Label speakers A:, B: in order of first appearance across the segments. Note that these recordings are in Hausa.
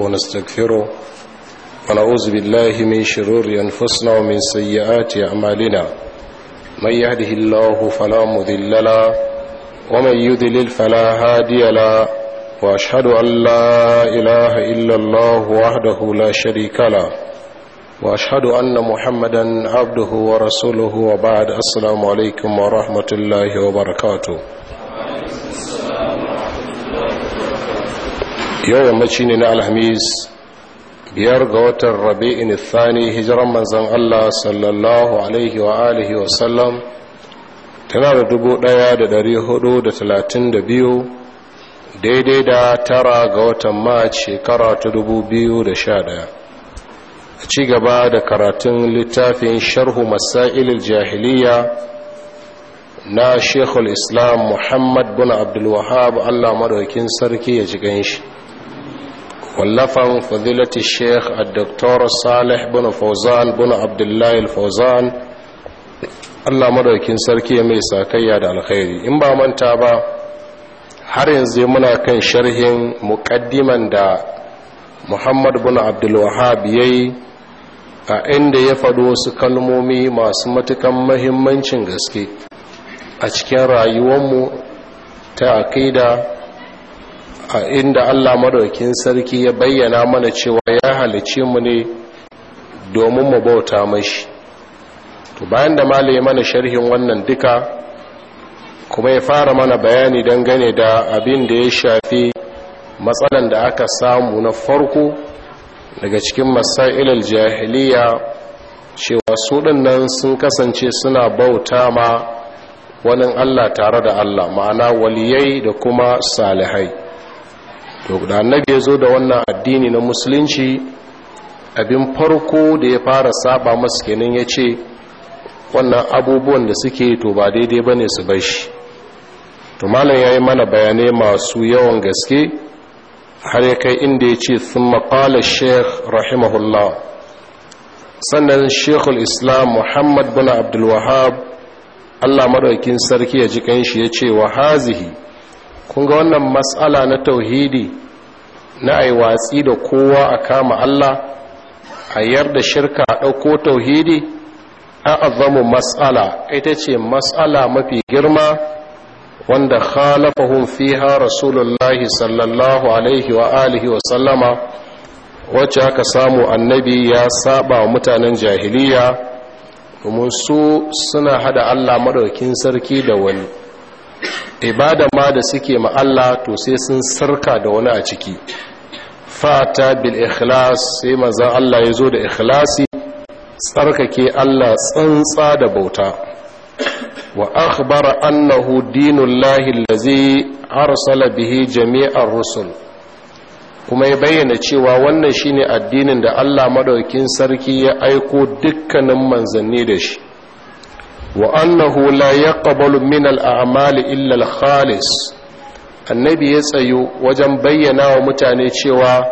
A: ونستغفره ونعوذ بالله من شرور أنفسنا ومن سيئات أعمالنا من يهده الله فلا مذل له ومن يذلل فلا هادي له وأشهد أن لا إله إلا الله وحده لا شريك له وأشهد أن محمدا عبده ورسوله وبعد السلام عليكم ورحمة الله وبركاته yau yammaci ne na alhamis biyar ga watan rabi'in thani hijiran manzan Allah sallallahu alaihi wa alihi wa sallam tana da dubu daya da dari hudu da talatin da biyu daidai da tara ga watan mac shekara ta dubu biyu da sha daya a ci gaba da karatun littafin sharhu masailil jahiliya na shekul islam muhammad bin abdulwahab allah maɗaukin sarki ya ji ganshi shi wallafan fadilati sheikh al-doktor salih bin fauzan bin abdullahi fauzan allah madaukin sarki ya mai sakayya da alkhairi in ba manta ba har yanzu muna kan sharhin muƙaddiman da muhammad bin abdulwahab ya a inda ya faɗo wasu kalmomi masu matukan mahimmancin gaske a cikin rayuwar mu ta aƙida a inda Allah madaukin sarki ya bayyana mana cewa ya halice mu ne domin mu bauta mashi to bayan da malai mana sharhin wannan duka kuma ya fara mana bayani don gane da abin da ya shafi matsalan da aka samu na farko daga cikin masailar jahiliya cewa su nan sun kasance suna bauta ma wani Allah tare da Allah ma'ana waliyai da kuma salihai to da annabi ya zo da wannan addini na musulunci abin farko da ya fara saba masu kenan ya ce wannan abubuwan da suke to ba daidai ba ne su bai shi to malam ya yi mana bayanai masu yawan gaske har ya kai inda ya ce sun maƙalar sheikh rahimahullah sannan sheikhul islam muhammad bin abdulwahab allah maraukin sarki ya ji kanshi ya ce wa hazihi kun ga wannan matsala na tauhidi na yi watsi da kowa a kama Allah a yarda shirka a ɗauko tauhidi a azamu matsala ita ce matsala mafi girma wanda khalafahum fiha rasulullahi sallallahu alaihi wa alihi wa sallama wacce aka samu annabi ya saba wa mutanen jahiliya domin su suna hada Allah maɗaukin sarki da wani ibada ma da suke ma Allah to sai sun sarka da wani a ciki fata bil ikhlas sai maza Allah ya zo da ikhlasi tsarkake Allah tsantsa da bauta wa akhbara annahu dinullahi allazi arsala bihi jami'ar rusul kuma ya bayyana cewa wannan shine addinin da Allah madaukakin sarki ya aiko dukkanin manzanni da shi wa annahu la yaqbalu min al-a'mali illal al-khalis annabi ya tsayu wajen bayyana wa mutane cewa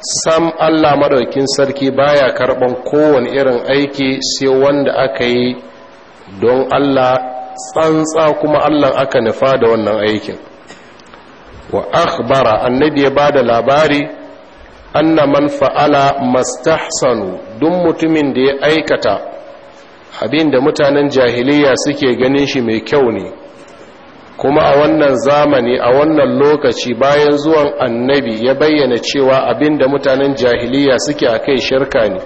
A: sam Allah maɗaukin sarki baya karban kowane irin aiki sai wanda aka yi don Allah tsantsa kuma Allah aka nufa da wannan aikin wa annabi ya bada labari anna man fa'ala mastahsanu duk mutumin da ya aikata abin da mutanen jahiliya suke ganin shi mai kyau ne kuma a wannan zamani a wannan lokaci bayan zuwan annabi ya bayyana cewa abin da mutanen jahiliya suke a kai shirka ne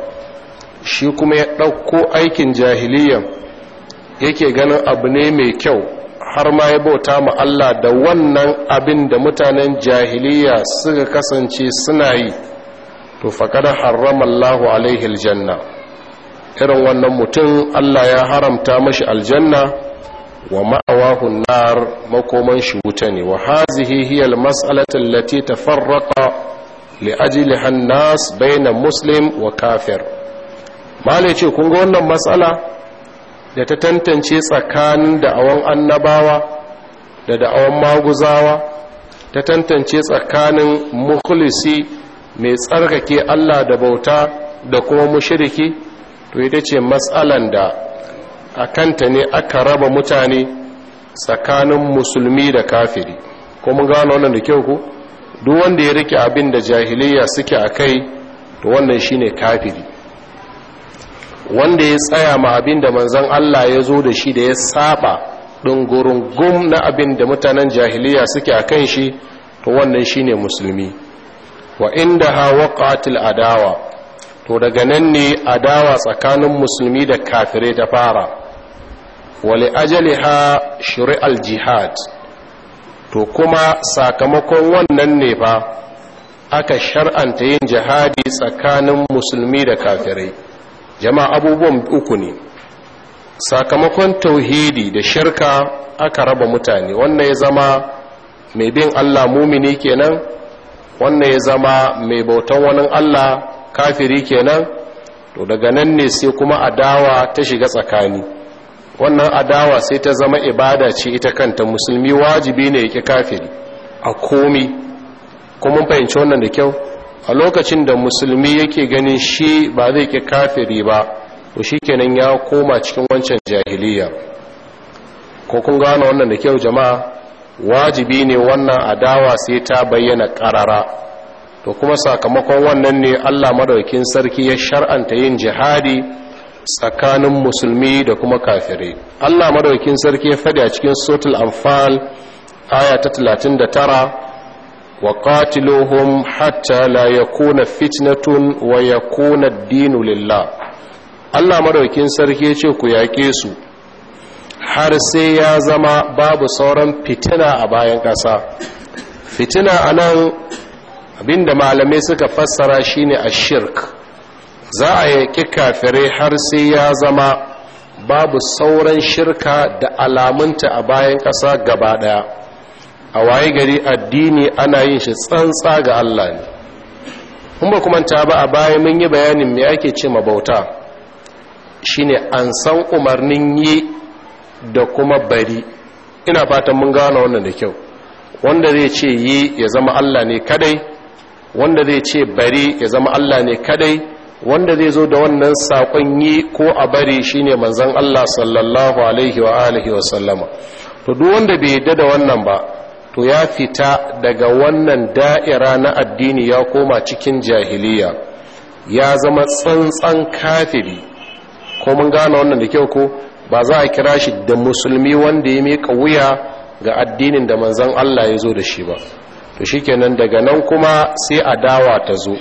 A: shi kuma ya ɗauko aikin jahiliyan yake ganin abu ne mai kyau har ma ya bauta ma Allah da wannan abin da mutanen jahiliya suka kasance suna yi to faƙar Allah alaihi aljanna irin wannan mutum Allah ya haramta mashi aljanna wa ma'awahun nar makoman shi wuta ne wa hazihi hiya almas'alatu lati ta farraka ajliha an bayna muslim wa kafir malai ce kun wannan matsala da ta tantance tsakanin da'awan annabawa da da'awan maguzawa ta tantance tsakanin mukulisi mai tsarkake Allah da bauta da kuma mushiriki. to ita ce matsalan da a kanta ne aka raba mutane tsakanin musulmi da kafiri ko mun gano wannan da kyau ku duk wanda ya rike abin da jahiliya suke a kai to wannan shi ne kafiri wanda ya tsaya ma abin da manzon Allah ya zo da shi da ya saba ɗungurin gum na abin da mutanen jahiliya suke a kan shi to wannan shi ne musulmi wa inda ha waqatil adawa to daga nan ne adawa tsakanin musulmi da kafire ta fara wale ha shari'al jihad to kuma sakamakon wannan ne ba aka shar'anta yin jihadi tsakanin musulmi da kafire jama'a abubuwan uku ne sakamakon tauhidi da shirka aka raba mutane wannan ya zama mai bin allah mumini kenan wannan ya zama mai bautan wani allah kafiri kenan to daga nan ne sai kuma adawa ta shiga tsakani wannan adawa sai ta zama ibada ce ita kanta musulmi wajibi ne yake kafiri a komi kuma fahimci wannan da kyau a lokacin da musulmi yake ganin shi ba zai ke kafiri ba to kenan ya koma cikin wancan jahiliya ko kun gano wannan da kyau jama'a wajibi ne wannan adawa sai ta bayyana ƙarara. to kuma sakamakon wannan ne Allah madaukin sarki ya shar'anta yin jihadi tsakanin musulmi da kuma kafire, Allah madaukin sarki ya fadi a cikin suratul anfal aya ta 39 wa qatiluhum hatta la yakuna fitnatun wa yakuna ad-dinu lillah Allah madaukin sarki ya ce ku yaƙe su har sai ya zama babu sauran fitina a bayan ƙasa fitina anan abinda malamai suka fassara shine shirk za a yaki kafirai har sai ya zama babu sauran shirka da alamunta a bayan ƙasa gaba ɗaya a waye gari addini ana yin shi tsantsa ga Allah ne kuma kuma ta ba a baya mun yi bayanin me ake ce bauta shine an san umarnin yi da kuma bari ina fatan mun gano wannan da kyau wanda zai ce yi ya zama Allah ne kadai wanda zai ce bari ya zama Allah ne kadai wanda zai zo da wannan sakon yi ko a bari shine manzon Allah sallallahu alaihi wa alihi wa sallama to duk wanda bai yadda da wannan ba to ya fita daga wannan da'ira na addini ya koma cikin jahiliya ya zama tsantsan kafiri ko mun gane wannan da kyau ko ba za a kira shi da musulmi wanda ya mika wuya ga addinin da manzon Allah ya zo da shi ba to shikenan daga nan kuma sai adawa ta zo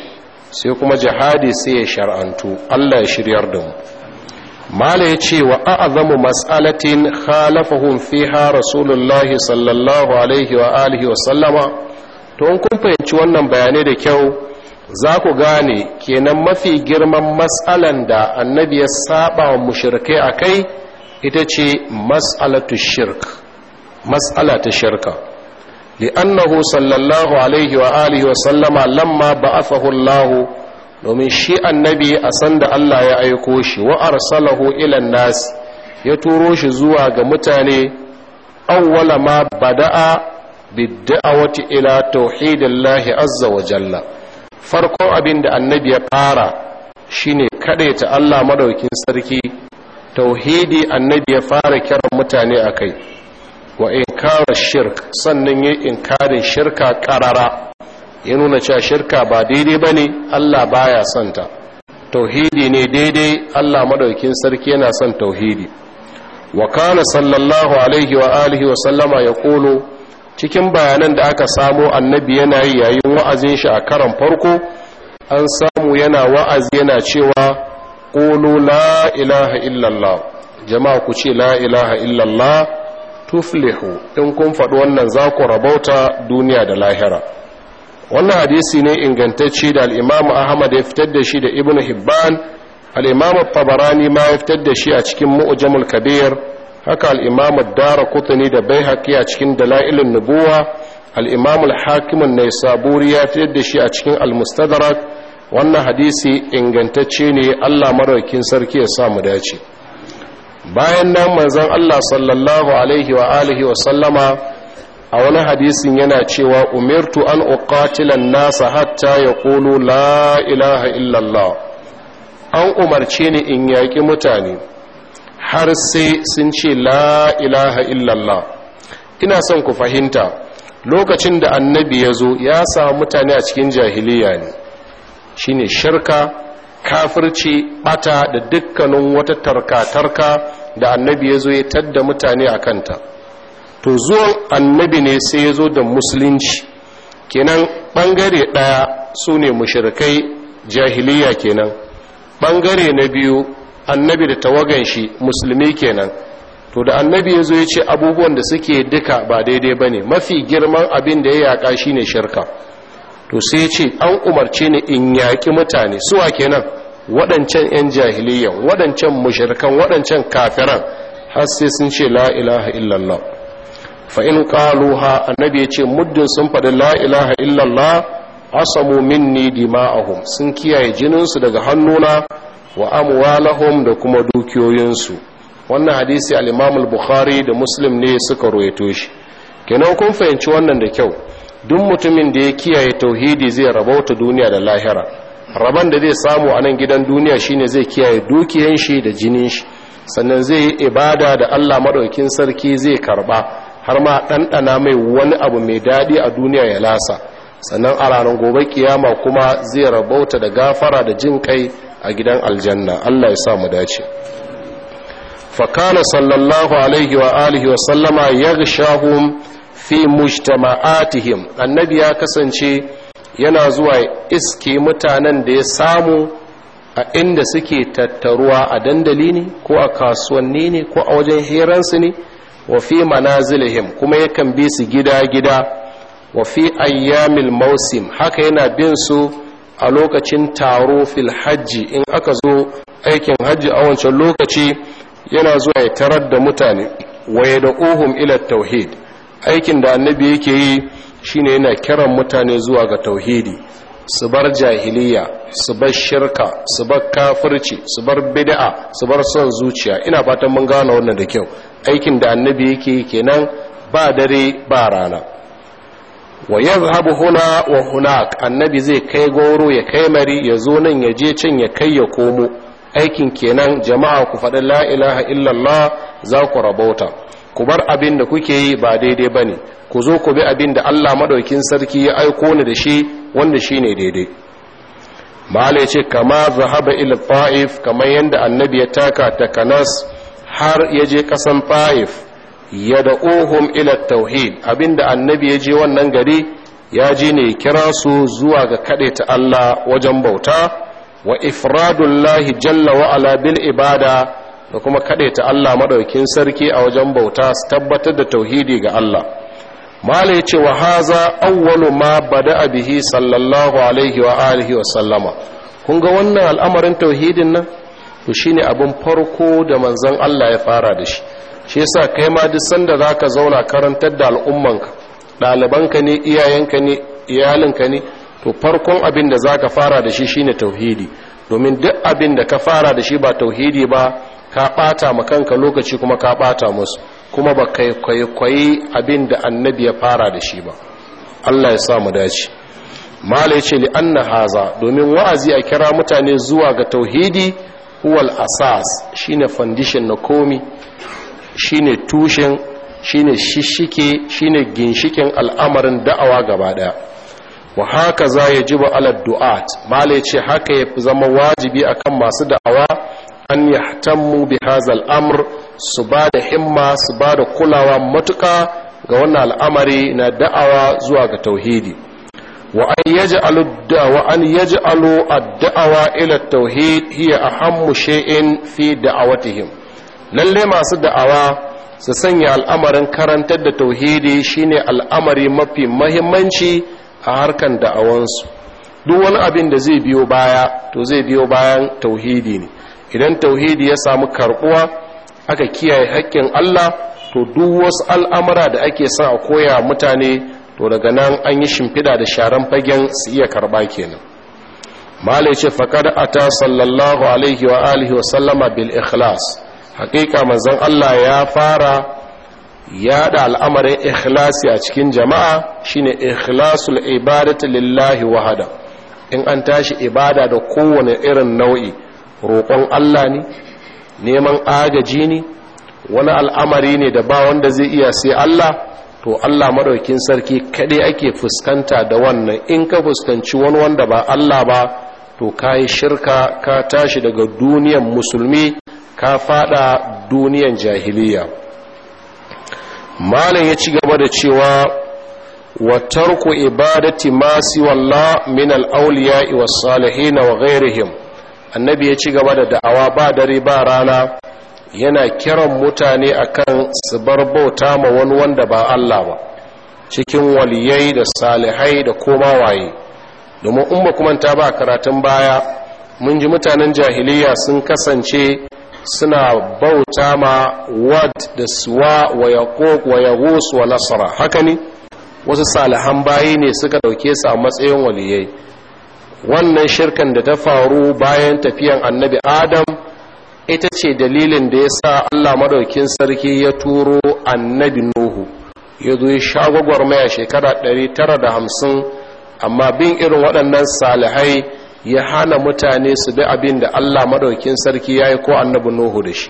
A: sai kuma jihadi sai ya shar'antu Allah ya shiryar da mu mala ya ce wa a'azamu mas'alatin khalafahum fiha rasulullahi sallallahu alaihi wa alihi wa sallama to in kun fahimci wannan bayanai da kyau za ku gane kenan mafi girman mas'alan da annabi ya saba wa mushrikai akai ita ce mas'alatu shirk mas'ala ta shirka li'annahu sallallahu alaihi wa alihi wa sallama lamma ba'athahu Allah domin shi annabi a sanda Allah ya aiko shi wa arsalahu ila nas ya turo shi zuwa ga mutane awwala ma bada'a bid wata ila tauhidillahi azza wa jalla farkon abin da annabi ya fara shine kaɗaita Allah madaukin sarki tauhidi annabi ya fara kiran mutane a kai. wa inkara shirk sannan ya inkarin shirka karara ya nuna cewa shirka ba daidai ba ne allah baya santa tauhidi ne daidai allah madaukin sarki yana son tauhidi wa kana sallallahu alaihi wa alihi wa sallama ya kolo cikin bayanan da aka samo annabi yana yi yayin wa'azin shi a karan farko an samu yana wa'azi yana cewa ƙolo la ilaha illallah jama'a ku ce la ilaha illallah tuflihu in kun faɗi wannan za ku rabauta duniya da lahira wannan hadisi ne ingantacce da al'imamu ahmad ya fitar da shi da ibn hibban al'imamu tabarani ma ya fitar da shi a cikin mu'ujamul kabir haka al'imamu dara kutuni da bai haƙi a cikin dala'ilin nubuwa al'imamu hakimin na saburi ya fitar da shi a cikin al-mustadrak wannan hadisi ingantacce ne allah maraukin sarki ya sa mu dace bayan nan manzon Allah sallallahu alaihi wa alihi wa sallama a wani hadisin yana cewa umirtu an an nasa hatta yaqulu la ilaha illallah an umarce ni in yaƙi mutane har sai sun ce la ilaha illallah ina son ku fahimta lokacin da annabi ya zo ya samu mutane a cikin jahiliya ne shine shirka kafirci bata da dukkanin wata tarka-tarka da annabi ya zo ya tadda mutane a kanta to zuwan annabi ne sai ya zo da musulunci kenan bangare ɗaya su ne mushirikai jahiliya kenan ɓangare na biyu annabi da tawagan shi musulmi kenan to da annabi ya zo ya ce abubuwan da suke duka ba daidai ba ne mafi girman abin da ya yaƙa shine shirka to sai ce an umarce ni in yaƙi mutane suwa kenan waɗancan 'yan jahiliyan waɗancan mushirikan waɗancan kafiran har sai sun ce la ilaha illallah fa in qaluha annabi yace muddin sun faɗi la ilaha illallah asamu minni dima'ahum sun kiyaye jininsu daga hannuna wa amwalahum da kuma dukiyoyinsu wannan hadisi al-Imam bukhari da Muslim ne suka ruwaito shi kenan kun fahimci wannan da kyau duk mutumin da ya kiyaye tauhidi zai rabauta duniya da lahira raban da zai samu a nan gidan duniya shine zai kiyaye dukiyan shi da jinin shi sannan zai yi ibada da Allah madaukin sarki zai karba har ma ɗanɗana mai wani abu mai daɗi a duniya ya lasa sannan a ranar gobe kiyama kuma zai rabauta da gafara da jin kai a gidan aljanna Allah ya sa mu dace fakana sallallahu alaihi wa alihi wa sallama ya fi mujtama'atihim annabi ya kasance yana zuwa iske mutanen da ya samu a inda suke tattaruwa a dandali ne ko a kasuwanni ne ko a wajen hiransu ne wa fi manazilihim kuma yakan bi su gida-gida wa fi ayyamil mausim haka yana bin su a lokacin taro fil hajji in aka zo aikin hajji a wancan lokaci yana zuwa ya tarar da mutane wa ya da ila tauhid aikin da annabi yake yi shine yana kiran mutane zuwa ga tauhidi su bar jahiliya su bar shirka su bar kafirci su bar bid'a su bar son zuciya ina fatan mun gane wannan da kyau aikin da annabi yake yi kenan ba dare ba rana wa yadhhabu huna wa hunak annabi zai kai goro ya kai mari ya zo nan ya je can ya kai ya komo aikin kenan jama'a ku faɗi la ilaha illallah za ku rabauta ku bar abin da kuke yi ba daidai ba ne ku zo ku bi abin da allah maɗaukin sarki ya aiko ni da shi wanda shi ne daidai malai ce kama zahaba ila fa'if kamar yadda annabi ya taka ta kanas har ya je ƙasan faif ya da ohun ila tauhid da annabi ya je wannan gari ya je ne kira su zuwa ga ta Allah wajen bauta wa ifradullahi jalla wa ala bil ibada da kuma ta Allah maɗaukin sarki a wajen bauta su tabbatar da tauhidi ga Allah mala ya ce wa haza awwalu ma bada bihi sallallahu alaihi wa alihi wa sallama kun ga wannan al'amarin tauhidin nan to shine abin farko da manzon Allah ya fara da shi shi yasa kai ma duk sanda zaka zauna karantar da al'ummanka ɗalibanka ne iyayenka ne iyalinka ne to farkon abin da zaka fara da shi shine tauhidi domin duk abin da ka fara da shi ba tauhidi ba ka ɓata ma kanka lokaci kuma ka ɓata musu kuma ba kai kwaikwayi abin da annabi ya fara da shi ba allah ya sa mu dace mala yace li li'anna haza domin wa'azi a kira mutane zuwa ga tauhidi huwal asas shine foundation na komi shine tushen shine shishike shine ginshikin al'amarin da'awa gaba daya wa haka za ya jiba ala du'at mala yace haka ya fi zama wajibi akan masu da'awa an yahtammu bi hazal amr su ba da himma su ba da kulawa matuka ga wannan al'amari na da'awa zuwa ga tauhidi wa an yaj'alu wa an yaj'alu ad-da'awa ila tauhid hiya ahammu shay'in fi da'awatihim lalle masu da'awa su sanya al'amarin karantar da tauhidi shine al'amari mafi mahimmanci a harkan da'awansu duk wani abin da zai biyo baya to zai biyo bayan tauhidi ne idan tauhidi ya samu karbuwa aka kiyaye haƙƙin Allah to duk wasu al'amura da ake son a koya mutane to daga nan an yi shimfiɗa da sharan fagen su iya karba kenan malai ce faƙar ata sallallahu alaihi wa alihi wa sallama bil ikhlas haƙiƙa manzon Allah ya fara yada al'amarin ikhlasi a cikin jama'a shine ikhlasul ibadatu lillahi wahada in an tashi ibada da kowane irin nau'i roƙon Allah ne neman agaji ne wani al'amari ne da ba wanda zai iya sai Allah to Allah madaukin sarki kaɗai ake fuskanta da wannan in ka fuskanci wani wanda ba Allah ba to ka yi shirka ka tashi daga duniyan musulmi ka fada duniyan jahiliya malam ya ci gaba da cewa wa tarku ibadati ma siwallah min al-awliya wa salihin wa ghairihim annabi ya ci gaba da da'awa ba dare ba rana yana kiran mutane akan su bar bauta ma wani wanda ba Allah ba cikin waliyai da salihai da koma waye domin umma kuma ta ba karatun baya mun ji mutanen jahiliya sun kasance suna bauta ma wad da suwa wa yaqub wa yaghus wa nasra haka ne wasu salihan bayi ne suka dauke su a matsayin waliyai wannan shirkan da ta faru bayan tafiyan annabi adam ita ce dalilin da ya sa allah maɗaukin sarki ya turo annabi nuhu ya zo ya sha gwagwarmaya shekara 950 amma bin irin waɗannan salihai ya hana mutane su bi abin da allah maɗaukin sarki ya yi ko annabi nuhu da shi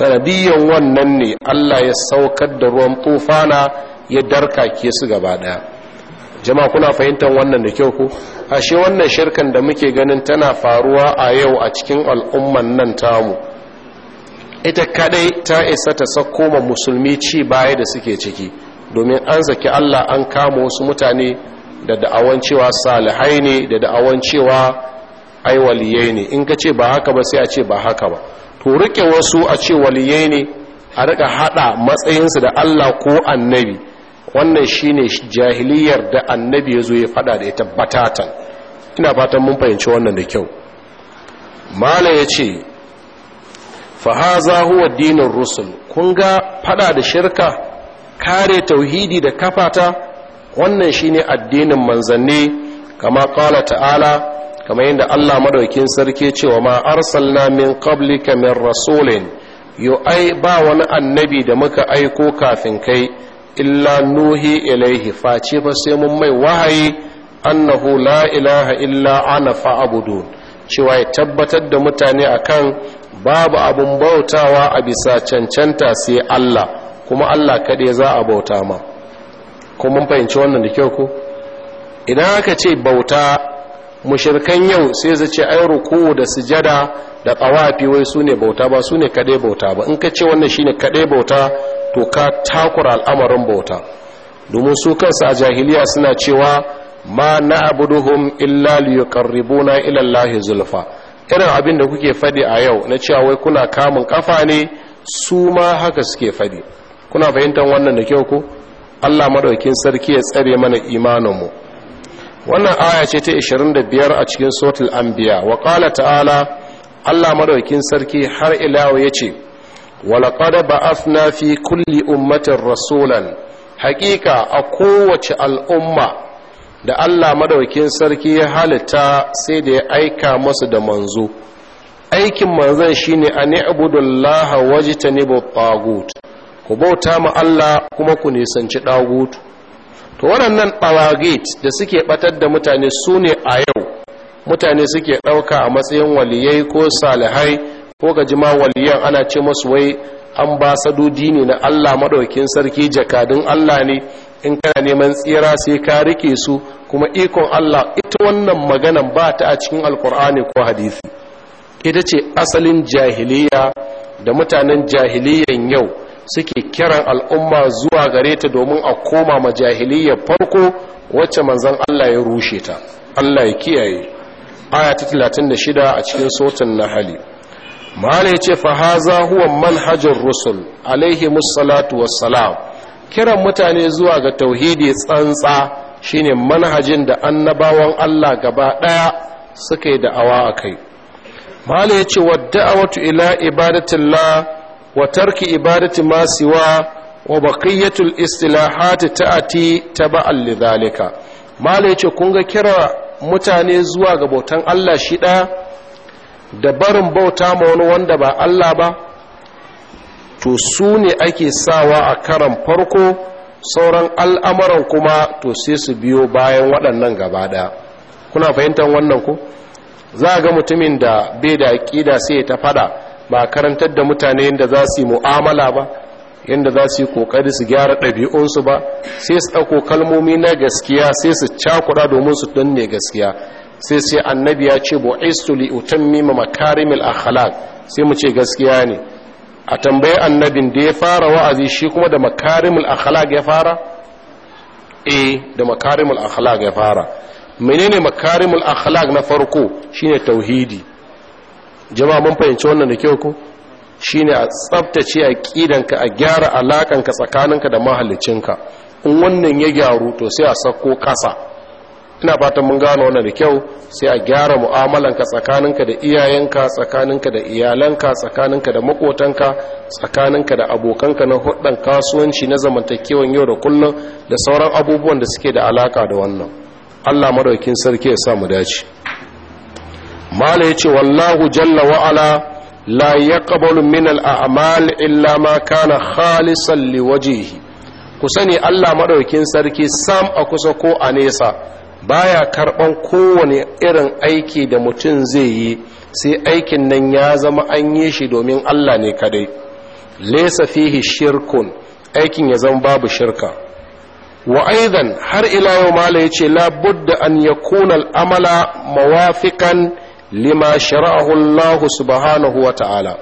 A: sanadiyan wannan ne allah ya saukar da ruwan tufana ya darka ke su gaba ɗaya jama'a kuna fahimtar wannan da kyau ko ashe wannan shirkan da muke ganin tana faruwa a yau a cikin al'umman nan tamu ita kadai ta isa ta sako ma musulmi ci baya da suke ciki domin an zaki Allah an kama wasu mutane da da'awan cewa salihai ne da da'awan cewa ai waliyai ne in ka ce ba haka ba sai a ce ba haka ba to rike wasu a ce waliyai ne a rika hada matsayinsu da Allah ko annabi wannan shine jahiliyar da annabi ya zo ya fada da ita batatan ina fatan mun fahimci wannan da kyau mala ya ce fahaza huwa dinin rusul kun ga fada da shirka kare tauhidi da kafata wannan shine addinin manzanni kama kala ta'ala kama yadda allah madaukin sarki cewa ma arsalna min qabli kamar rasulin yo ai ba wani annabi da muka aiko kafin kai illa nuhi ilaihi face ba sai mun mai wahayi annahu la ilaha illa ana fa'abudun cewa ya tabbatar da mutane akan babu abin bautawa a bisa cancanta sai Allah kuma Allah kaɗai za a bauta ma ko fahimci wannan da kyau ko idan aka ce bauta mushirkan yau sai su ce ai ruku da sujada da ƙawafi wai su ne bauta ba su ne kaɗai bauta ba in ka ce wannan shine kaɗai bauta to ka takura al'amarin bauta domin su kansu a jahiliya suna cewa ma na abuduhum illa liyuqarribuna ila Allah zulfa irin abin da kuke fadi a yau na cewa wai kuna kamun kafa ne su ma haka suke fadi kuna fahimtar wannan da kyau ko Allah madaukin sarki ya tsare mana imaninmu wannan aya ce ta 25 a cikin suratul anbiya wa qala ta'ala Allah madaukin sarki har ila yace walaƙada ba'athna fi kulli ummatin rasulan haƙiƙa a kowace al'umma da Allah madaukin sarki ya halitta sai da ya aika masu da manzo aikin manzon shine an ta wajtanibu tagut ku bauta ma Allah kuma ku nisanci dagut to waɗannan tawagit da suke batar da mutane sune a yau mutane suke ɗauka a matsayin waliyai ko salihai ko ga jima waliyan ana ce masu wai an ba ne na Allah maɗaukin sarki jakadun Allah ne in kana neman tsira sai ka rike su kuma ikon Allah ita wannan maganan ba ta a cikin alkur'ani ko hadisi ita ce asalin jahiliya da mutanen jahiliyan yau suke kiran al'umma zuwa gare ta domin a koma ma jahiliya farko wacce manzon Allah ya rushe ta Allah ya kiyaye aya ta 36 a cikin sautin nahali mahala ya ce fahaza huwa manhajar rusul alaihi musallatu wassalam kiran mutane zuwa ga tauhidi tsantsa shine manhajin da annabawan allah gaba ɗaya suka yi da'awa a kai mahala ya ce wadda'awatu ila ibadatillah wa tarki ibadati ma siwa wa baqiyatul istilahati ta'ati taba'an lidhalika mahala ya ce kun ga kira mutane zuwa ga bautan allah shi ɗaya da barin bauta ma wani wanda ba Allah ba to su ne ake sawa a karan farko sauran al'amuran kuma to sai su biyo bayan waɗannan gaba ɗaya kuna fahimtar wannan ku za ga mutumin da bai da ƙida sai ta fada ba karantar da mutane yadda za su yi mu'amala ba yadda za su yi ƙoƙari su gyara ɗabi'unsu ba sai su ɗauko kalmomi na gaskiya sai su cakuɗa domin su danne gaskiya sai sai annabi ya ce aistu li utammima makarimil akhlaq sai mu ce gaskiya ne a tambaye annabin da ya fara wa'azi shi kuma da makarimul akhlaq ya fara eh da makarimul akhlaq ya fara menene makarimul akhlaq na farko shine tauhidi jama'a mun fahimci wannan da kyau ko shine a tsaftace aqidanka a gyara alakanka tsakaninka da mahallicinka in wannan ya gyaru to sai a sako kasa ina fatan mun gano wannan da kyau sai a gyara mu'amalanka tsakaninka da iyayenka tsakaninka da iyalanka tsakaninka da makotanka tsakaninka da abokanka na hudan kasuwanci na zamantakewan yau da kullum da sauran abubuwan da suke da alaka da wannan allah madaukin sarki ya sa mu dace mala ya ce wallahu jalla wa'ala la yaqbalu min al-a'mal illa ma kana khalisan liwajhihi ku sani allah madaukin sarki sam a kusa ko a nesa baya karban kowane irin aiki da mutum zai yi sai aikin nan ya zama an yi shi domin Allah ne kadai laysa fihi shirkun aikin ya zama babu shirka wa aidan har ila yau mala yace la budda an yakuna al-amala mawafiqan lima shara'ahu Allah subhanahu wa ta'ala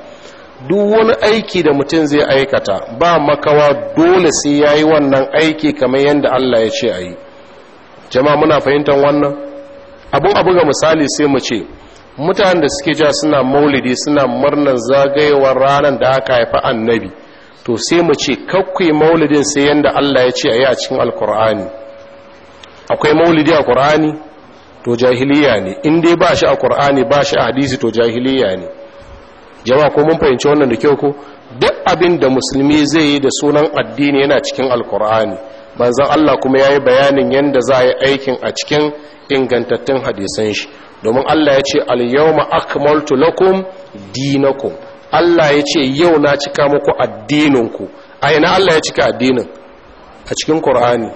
A: duk wani aiki da mutum zai aikata ba makawa dole sai yayi wannan aiki kamar yadda Allah ya ce ayi jama'a muna fahimtar wannan abin abu ga misali sai mu ce mutanen da suke ja suna maulidi suna murnar zagayewar ranar da aka haifa annabi to sai mu ce kakwai maulidin sai yadda Allah ya ce a yi a cikin alkur'ani akwai maulidi a kur'ani to jahiliya ne in dai ba shi a kur'ani ba shi a hadisi to jahiliya ne jama'a ko mun fahimci wannan da kyau ko duk abin da musulmi zai yi da sunan addini yana cikin alkur'ani manzon Allah kuma ya yi bayanin yadda za a yi aikin a cikin ingantattun hadisan shi domin Allah ya ce al-yawma akmaltu lakum dinakum Allah ya ce yau na cika muku addininku a ina Allah ya cika addinin a cikin Qur'ani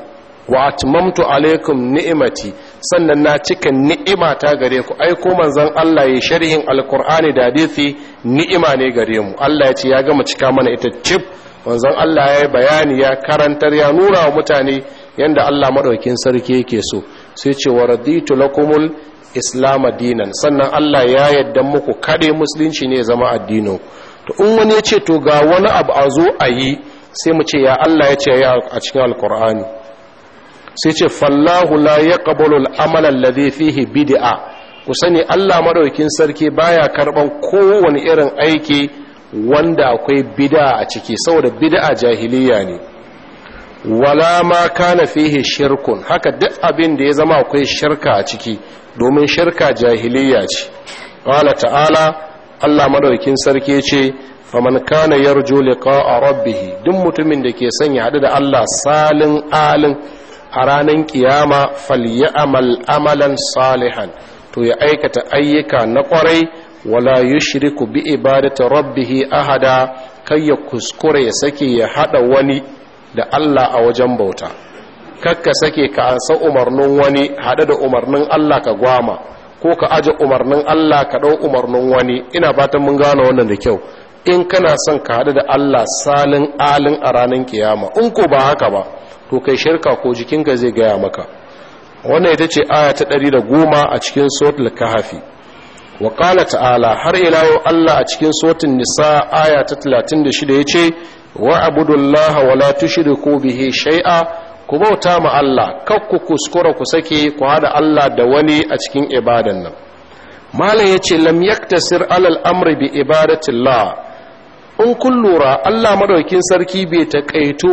A: wa atmamtu alaikum ni'imati sannan na cika ni'ima ta gare ku ai ko manzon Allah ya sharhin alqur'ani da hadisi ni'ima ne gare mu Allah ya ce ya gama cika mana ita cif wanzan Allah ya yi bayani ya karantar ya nura wa mutane yadda Allah maɗaukin sarki yake so sai ce wa raditu lakumul islam dinan sannan Allah ya yadda muku kaɗai musulunci ne zama addino to in wani ya ce to ga wani abu a zo a yi sai mu ce ya Allah ya ce ya a cikin alkur'ani sai ce fallahu la yaqbalu al-amal alladhi fihi bid'a ku sani Allah maɗaukin sarki baya karban kowane irin aiki wanda akwai bid'a a ciki saboda bid'a jahiliya ne wala ma kana fihi shirkun haka duk abin da ya zama akwai shirka a ciki domin shirka jahiliya ce qala ta'ala Allah madaukin sarki ce faman kana yarju liqa'a rabbih duk mutumin da ke son ya hadu da Allah salin alin a ranar kiyama falyamal amalan salihan to ya aikata ayyuka na kwarai wala ku bi ibadati rabbih ahada kai ya kuskure ya sake ya haɗa wani da Allah a wajen bauta kakka sake ka ansa umarnin wani hada da umarnin Allah ka gwama ko ka aje umarnin Allah ka dau umarnin wani ina fatan mun gane wannan da kyau in kana son ka hada da Allah salin alin a ranar kiyama in ko ba haka ba to kai shirka ko jikinka zai gaya maka wannan ita ce aya ta 110 a cikin suratul kahfi wa qala ta'ala har ila yau Allah a cikin sotin nisa aya ta 36 yace wa abudullaha wa la ko bihe shai'a ku bauta ma Allah kar ku kuskura ku sake ku hada Allah da wani a cikin ibadan nan malam yace lam yaktasir alal amri bi ibadatin la in kun lura Allah madaukin sarki bai taƙaito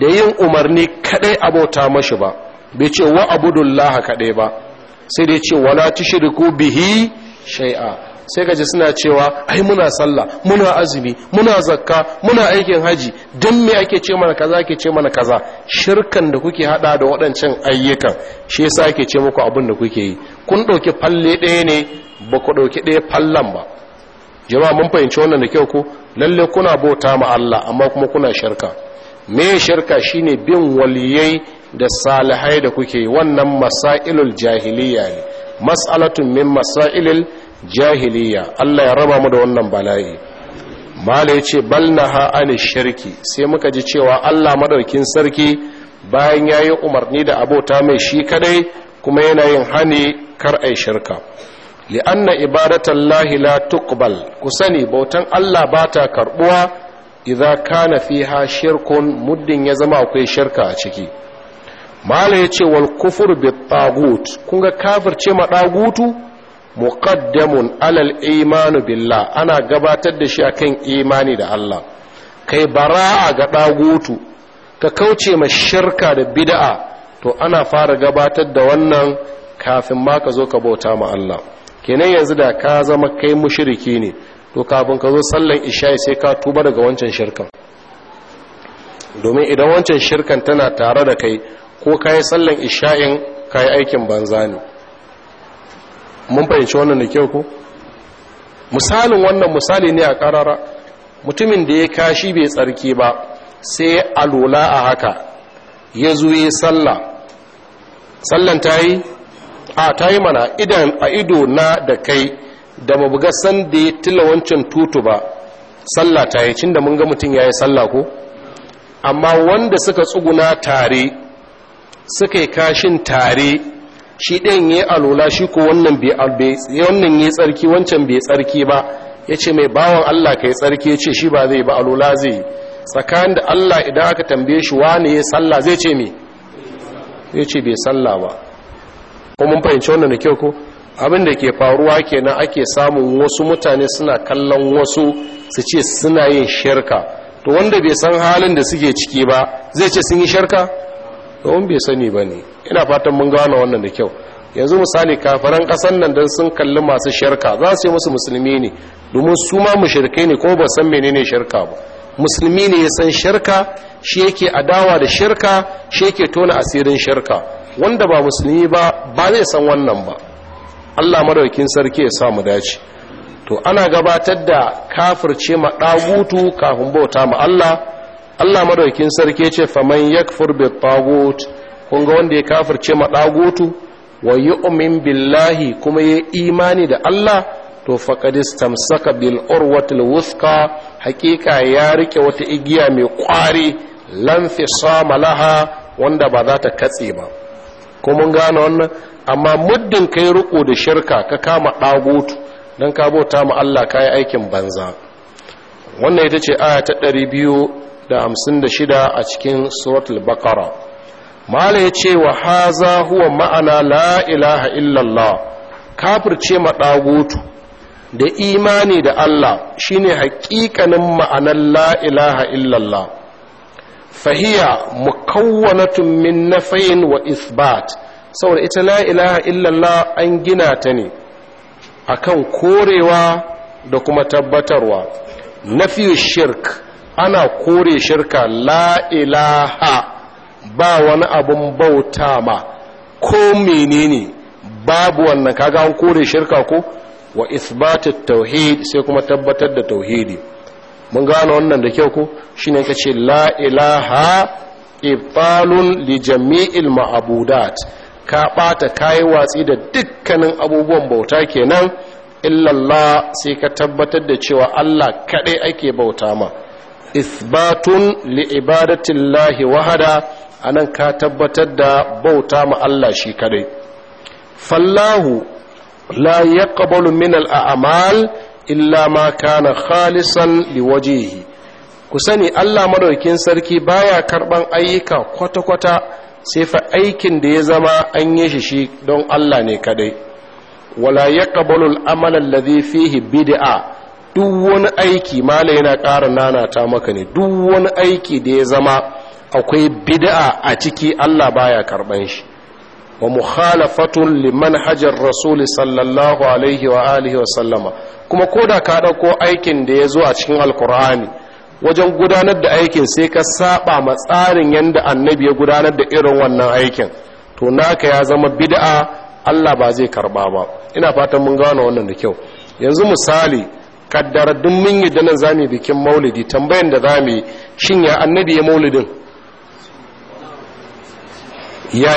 A: da yin umarni kadai abota mashi ba bai ce wa abudullah kadai ba sai dai ce wala tushriku bihi shai'a. sai gaji suna cewa ai muna sallah muna azumi muna zakka muna aikin haji don me ake ce mana kaza ake ce mana kaza shirkan da kuke hada da waɗancan ayyukan shi yasa ake ce muku abin da kuke yi kun ɗauki falle ɗaya ne ba ku ɗauki ɗaya fallan ba jama'a mun fahimci wannan da kyau ko lalle kuna bauta ma Allah amma kuma kuna shirka me shirka shine bin waliyai da salihai da kuke wannan masailul jahiliya ne mas'alatun min masailil jahiliya Allah ya raba mu da wannan bala'i mala yace bal naha ani shirki sai muka ji cewa Allah madaukin sarki bayan yayi umarni da abota mai shi kadai kuma yana yin hani kar ai shirka li'anna lahi la tuqbal ku bautan Allah bata karbuwa idza kana fiha shirkun muddin ya zama akwai shirka a ciki mala ya ce wal kufur bi tagut kun ga ce ma dagutu muqaddamun alal imanu billah ana gabatar da shi akan imani da Allah kai bara'a ga dagutu ka kauce ma shirka da bid'a to ana fara gabatar da wannan kafin ma ka zo ka bauta ma Allah kenan yanzu da ka zama kai mushriki ne to kafin ka zo sallan isha'i sai ka tuba daga wancan shirkan domin idan wancan shirkan tana tare da kai ko ka yi sallan isha'in ka yi aikin banza ne mun fahimci wannan da kyau ko misalin wannan misali ne a karara mutumin da ya kashi bai tsarki ba sai alola a haka ya zuwe sallah sallan ta yi a ta yi mana idan a ido na da kai da mabuga san da ya tila wancan tutu ba sallah ta yi cin mun ga mutum ya yi sallah ko amma wanda suka tsuguna tare suka yi kashin tare shi ɗin ya alola shi ko wannan wannan ya tsarki wancan bai tsarki ba ya ce mai bawan Allah ka yi tsarki ya ce shi ba zai ba alola zai tsakanin da Allah idan aka tambaye shi wane ya salla zai ce me Ya ce bai salla ba kuma mun fahimci wannan da kyau ko abin da ke faruwa kenan ake samun wasu mutane suna kallon wasu su ce suna yin shirka to wanda bai san halin da suke ciki ba zai ce sun yi shirka domin bai sani ba ne ina fatan mun gano wannan da kyau yanzu misali kafaran kasan nan don sun kalli masu shirka za su yi musu musulmi ne domin su ma mu shirka ne ko ba san menene shirka ba musulmi ne ya san shirka shi yake adawa da shirka shi yake tona asirin shirka wanda ba musulmi ba ba zai san wannan ba Allah madaukin sarki ya sa mu dace to ana gabatar da kafirce ma dagutu kafin bauta ma Allah Allah madaukin sarki ce faman yakfur bi tagut kun ga wanda ya kafirce ma dagutu wa yu'min billahi kuma ya imani da Allah to faqad istamsaka bil urwatil wuska, haqiqa ya rike wata igiya mai kwari lan fisama laha wanda ba za ta katse ba ko mun gane wannan amma muddin kai riko da shirka ka kama dagutu dan ka bauta ma Allah kai aikin banza wannan ita ce aya ta 200 da hamsin da shida a cikin suratul bakara mala ya ce wa haza huwa ma'ana la ilaha illallah ce maɗagutu da imani da Allah shine haƙiƙanin ma'anar la ilaha illallah fahiya mukawwanatun min nafayin wa isbat saboda ita la ilaha illallah an gina ta ne akan korewa da kuma tabbatarwa nafiyu shirk ana kore shirka la ilaha ba wani abun bauta ma ko menene babu wannan kaga an kore shirka ko wa isbatat tauhid sai kuma tabbatar da tauhidi mun gane wannan da kyau ko shine kace la ilaha ibalun li jami'il ma'budat ka bata kai watsi da dukkanin abubuwan bauta kenan allah sai ka tabbatar da cewa Allah kadai ake bauta ma isbatun li'ibadatin lahi wahada a nan ka tabbatar da bauta ma Allah shi kadai fallahu la ya ƙabalu min al'amal illa ma kana khalisan liwajihi ku sani Allah madaukin sarki baya karɓan ayyuka kwata-kwata sai fa aikin da ya zama an yi shi shi don Allah ne kadai wala ya ƙabalu al'amalan da fihi bid'a duk wani aiki mala yana ƙara nanata maka ne duk wani aiki da ya zama akwai bida'a a ciki Allah baya karban shi wa mukhalafatun liman hajar rasuli sallallahu alaihi wa alihi wa sallama kuma koda ka dauko aikin da ya zo a cikin alkur'ani wajen gudanar da aikin sai ka saba ma tsarin yanda annabi ya gudanar da irin wannan aikin to naka ya zama bid'a Allah ba zai karba ba ina fatan mun gane wannan da kyau yanzu misali kaddara duk mun yi da nan za bikin maulidi tambayan da za shin ya annabi ya maulidin ya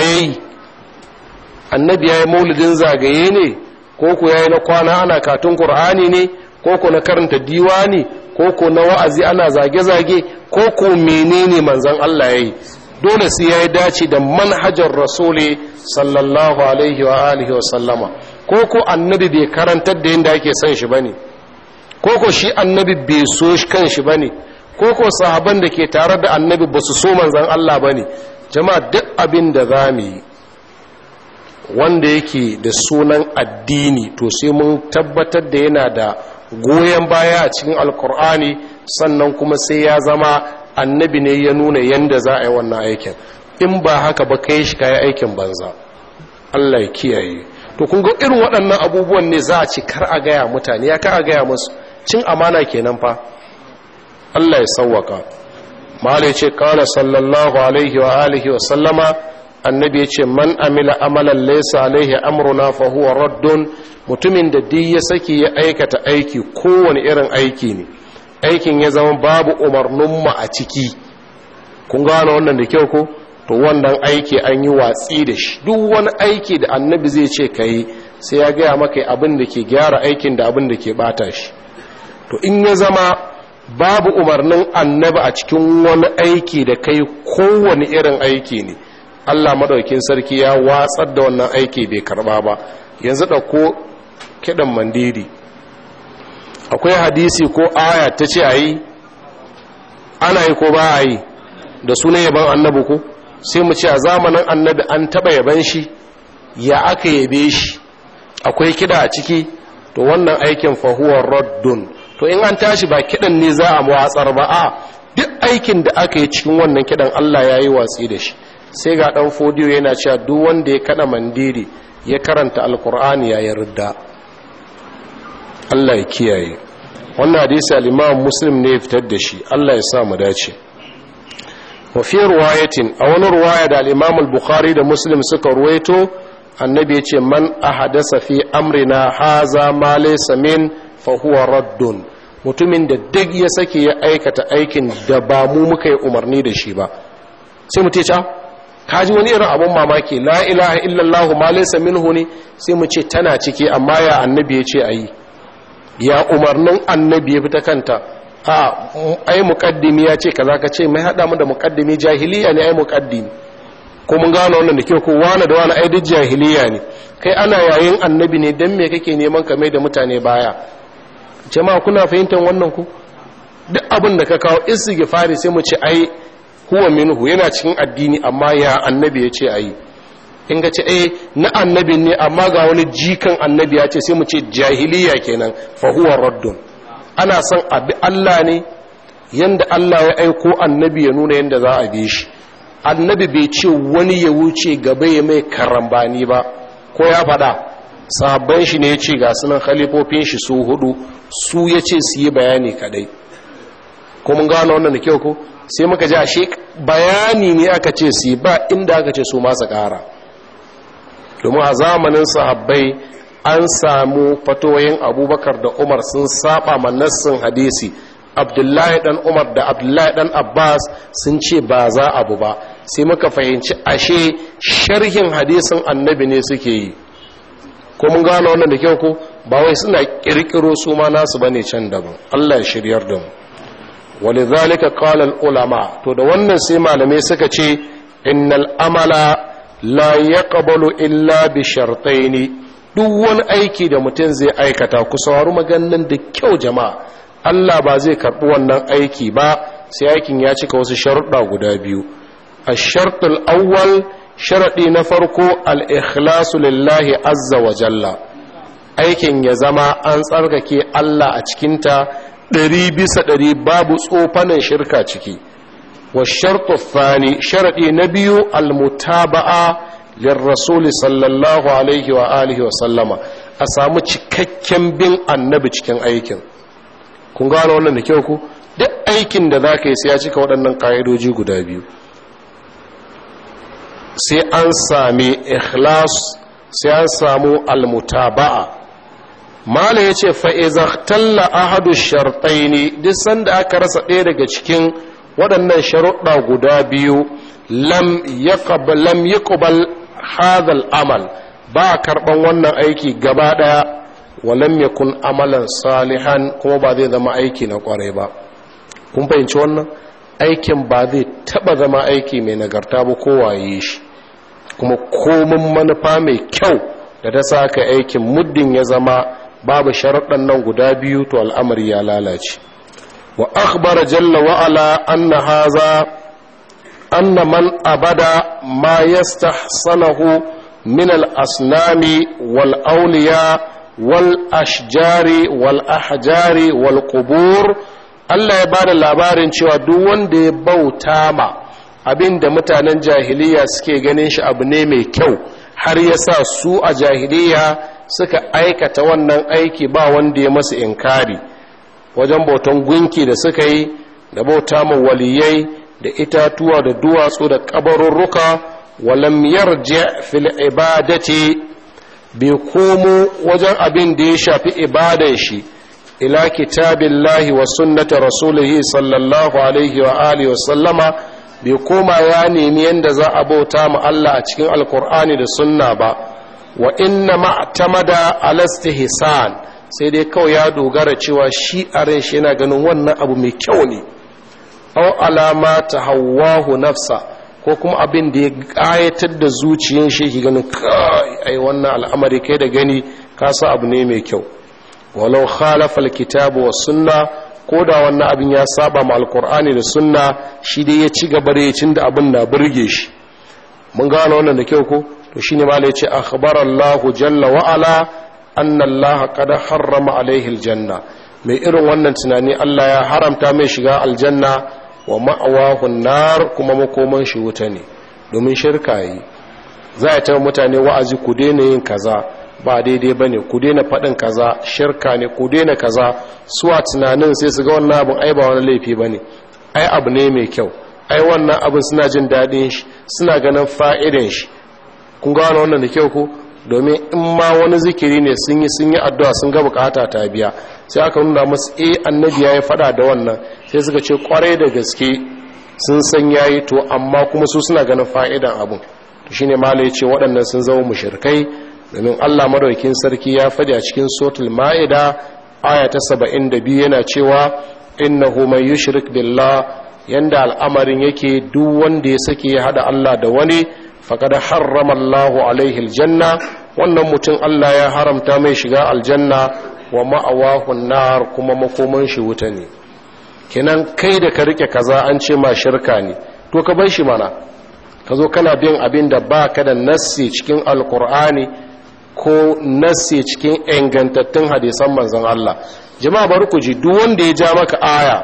A: annabi ya yi maulidin zagaye ne ko ku ya yi na kwana ana katun qur'ani ne ko ku na karanta diwani ko ku na wa'azi ana zage-zage ko ku menene manzan Allah ya yi dole sai ya yi dace da manhajar rasuli sallallahu alaihi wa alihi wa sallama ko ku annabi bai karantar da yadda ake son shi ba ne koko shi annabi bai so kan shi ba ne koko sahaban da ke tare da annabi ba su so manzan Allah ba ne jama'a duk abin da za mu yi wanda yake da sunan addini to sai mun tabbatar da yana da goyon baya a cikin alkur'ani sannan kuma sai ya zama annabi ne ya nuna yadda za a yi wannan aikin in ba haka ba kai shi kayi aikin banza Allah ya kiyaye to kun ga irin waɗannan abubuwan ne za a ci kar a gaya mutane ya kar a gaya musu cin amana kenan fa Allah ya sawwaka malai ce kana sallallahu alaihi wa alihi wa sallama annabi ya ce man amila amalan laysa alaihi amruna fa huwa raddun mutumin da dai ya saki ya aikata aiki kowane irin aiki ne aikin ya zama babu umarnin mu a ciki kun gano wannan da kyau ko to wannan aiki an yi watsi da shi duk wani aiki da annabi zai ce ka sai ya gaya maka abin da ke gyara aikin da abin da ke bata shi to in ya zama babu umarnin annabi a cikin wani aiki da kai kowane irin aiki ne allah maɗaukin sarki ya watsar da wannan aiki bai karɓa ba yanzu ɗauko kiɗan mandiri akwai hadisi ko aya ta ce a yi ana yi ko ba a yi da sunan yaban annabi ko sai mu ce a zamanin annabi an taɓa yaban shi ya aka yabe shi akwai kiɗa a ciki to wannan aikin fahuwar raddun to in an tashi ba kiɗan ne za a watsar ba a duk aikin da aka yi cikin wannan kiɗan allah ya yi watsi da shi sai ga ɗan fodiyo yana cewa duk wanda ya kaɗa mandiri ya karanta alkur'ani ya yarda allah ya kiyaye wannan hadisi al-imam muslim ne ya fitar da shi allah ya sa mu dace fi ruwayatin a wani ruwaya da al-imam al-bukhari da muslim suka ruwaito annabi ya ce man a fi amrina haza ma laysa min fa huwa raddun mutumin da duk ya sake ya aikata aikin da ba mu muka yi umarni da shi ba sai mu ce ta, kaji wani irin abun mamaki la ilaha illallah ma laysa minhu ne sai mu ce tana ciki amma ya annabi ya ce ayi ya umarnin annabi ya fita kanta a ai muqaddimi ya ce kaza ka ce mai hada mu da muqaddimi jahiliya ne ai muqaddimi
B: ko mun gano wannan da ke ko wani da wani ai duk jahiliya ne
A: kai ana yayin annabi ne dan me kake neman ka mai da mutane baya jama'a kuna fahimtar wannan ku duk abin da ka kawo istighfari sai mu ce ai huwa minhu yana cikin addini amma ya annabi ya ce ayi in ga ce eh na annabi ne amma ga wani jikan annabi ya ce sai mu ce jahiliya kenan fa huwa raddun ana son abi Allah ne yanda Allah ya aiko annabi ya nuna yanda za a bi shi annabi bai ce wani ya wuce gaba ya mai karambani ba ko ya faɗa sahabban shi ne ya ce ga sunan khalifofin shi su hudu su ya ce su yi bayani kadai ko mun gano wannan da kyau ko sai muka ji ashe bayani ne aka ce su ba inda aka ce su masa kara domin a zamanin sahabbai an samu fatoyin abubakar da umar sun saba manassin hadisi abdullahi dan umar da abdullahi dan abbas sun ce ba za abu ba sai muka fahimci ashe sharhin hadisin annabi ne suke yi ko mun gano wannan da kyau ko ba wai suna kirkiro su ma nasu bane can da daban Allah ya shiryar da mu walizalika qala ulama to da wannan sai malamai suka ce innal amala la yaqbalu illa bi shartaini duk wani aiki da mutum zai aikata ku saurari maganan da kyau jama'a Allah ba zai karbi wannan aiki ba sai aikin ya cika wasu sharuɗa guda biyu ash-shartul awwal sharaɗi na farko al'ikhlasu lillahi azza wa jalla aikin ya zama an tsarkake Allah a cikinta ɗari bisa ɗari babu tsofanin shirka ciki wa sharɗuffani sharaɗi na biyu almutaba'a lirrasuli sallallahu alaihi wa alihi wa sallama a samu cikakken bin annabi cikin aikin kun gano wannan da kyau ku duk aikin da za ka yi sai ya cika waɗannan ƙa'idoji guda biyu sai an sami ikhlas sai an samu almutaba'a mala ya ce fa'izaktalla ahadu shartaini duk sanda aka rasa ɗaya daga cikin waɗannan sharuɗa guda biyu lam yi kubal hadal amal ba a karɓan wannan aiki gaba ɗaya walam ya kun amalan salihan kuma ba zai zama aiki na ƙwarai ba kun fahimci wannan aikin ba zai taba zama aiki mai nagarta ba kowaye shi kuma komin manufa mai kyau da ta sa ka aikin muddin ya zama babu sharaɗan nan guda biyu to al'amari ya lalace wa akhbara jalla wa'ala anna haza anna man abada ma yastahsanahu min al-asnami wal awliya wal ashjari wal ahjari wal qubur Allah ya bada labarin cewa duk wanda ya bauta ma abinda mutanen jahiliya suke ganin shi abu ne mai kyau har ya sa su a jahiliya suka aikata wannan aiki ba wanda ya masu inkari wajen bautan gunki da suka yi da bauta ma waliyai da itatuwa da duwatsu da kabarurruka walam yarji fil ibadati bai komo wajen abin da ya shafi ibadan shi ila kitabillahi wa sunnati rasulihi sallallahu alaihi wa alihi wa sallama bai koma ya nemi yadda za a bauta mu Allah a cikin alkur'ani da sunna ba wa inna ma'tamada alastihsan sai dai kawai ya dogara cewa shi a ran shi yana ganin wannan abu mai kyau ne aw alama tahawahu nafsa ko kuma abin da ya ƙayatar da zuciyar shi ganin kai ai wannan al'amari kai da gani ka sa abu ne mai kyau walau khalafa alkitabu wa sunna ko da wannan abin ya saba ma alqur'ani da sunna shi dai ya ci gaba da yacin da abin na burge shi mun gano wannan da kyau ko to shine malai ya ce akhbarallahu jalla wa ala anna allah qad harrama alaihi aljanna mai irin wannan tunani Allah ya haramta mai shiga aljanna wa ma'awahu nar kuma makoman shi wuta ne domin shirka yi za a ta mutane wa'azi ku daina yin kaza ba daidai ba ne ku daina faɗin kaza shirka ne ku daina kaza su a tunanin sai su ga wannan abin ai ba wani laifi ba ne ai abu ne mai kyau ai wannan abin suna jin daɗin shi suna ganin fa'idan shi kun gano wannan da kyau ko domin in ma wani zikiri ne sun yi sun yi addu'a sun ga bukata ta biya sai aka nuna masu e eh, annabi ya yi faɗa da wannan sai suka ce kwarai da gaske sun san ya yi to amma kuma su suna ganin fa'idan abin shi ne ma ce waɗannan sun zama mushirkai domin Allah madaukin sarki ya faɗi a cikin sotul ma'ida aya ta saba'in da biyu yana cewa innahu man shirik billah yadda al'amarin yake duk wanda ya sake ya hada Allah da wani fakada harrama Allahu alaihi aljanna wannan mutum Allah ya haramta mai shiga aljanna wa ma'awahun nar kuma makoman shi wuta ne Kinan kai da ka rike kaza an ce ma shirka ne to ka bai shi mana ka zo kana bin abin da ba ka da nassi cikin alkur'ani ko nasi cikin ingantattun hadisan manzon Allah jama'a bari ku ji duk wanda ya ja maka aya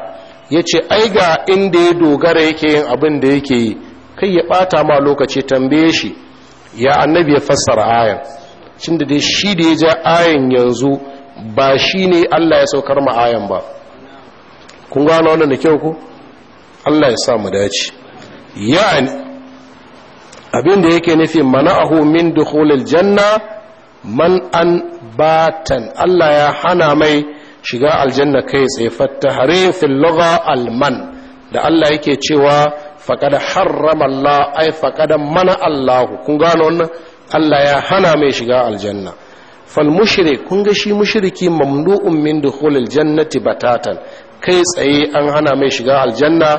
A: yace ai ga inda ya dogara yake yin abin da yake yi kai ya bata ma lokaci tambaye shi ya annabi ya fassara ayan cin da dai shi da ya ja ayan yanzu ba shi ne Allah ya saukar ma ayan ba kun gano wannan da kyau ku Allah ya sa mu dace ya'ani abin da yake nufi mana'ahu min dukhulil janna man an batan Allah ya hana mai shiga aljanna kai tsaye fatta harifin lugha alman da Allah yake cewa faqad harrama Allah ai faqad mana Allahu. kun gano wannan Allah ya hana mai shiga aljanna fal mushrik kun ga shi mushriki mamnu'un min dukhulil jannati batatan kai tsaye an hana mai shiga aljanna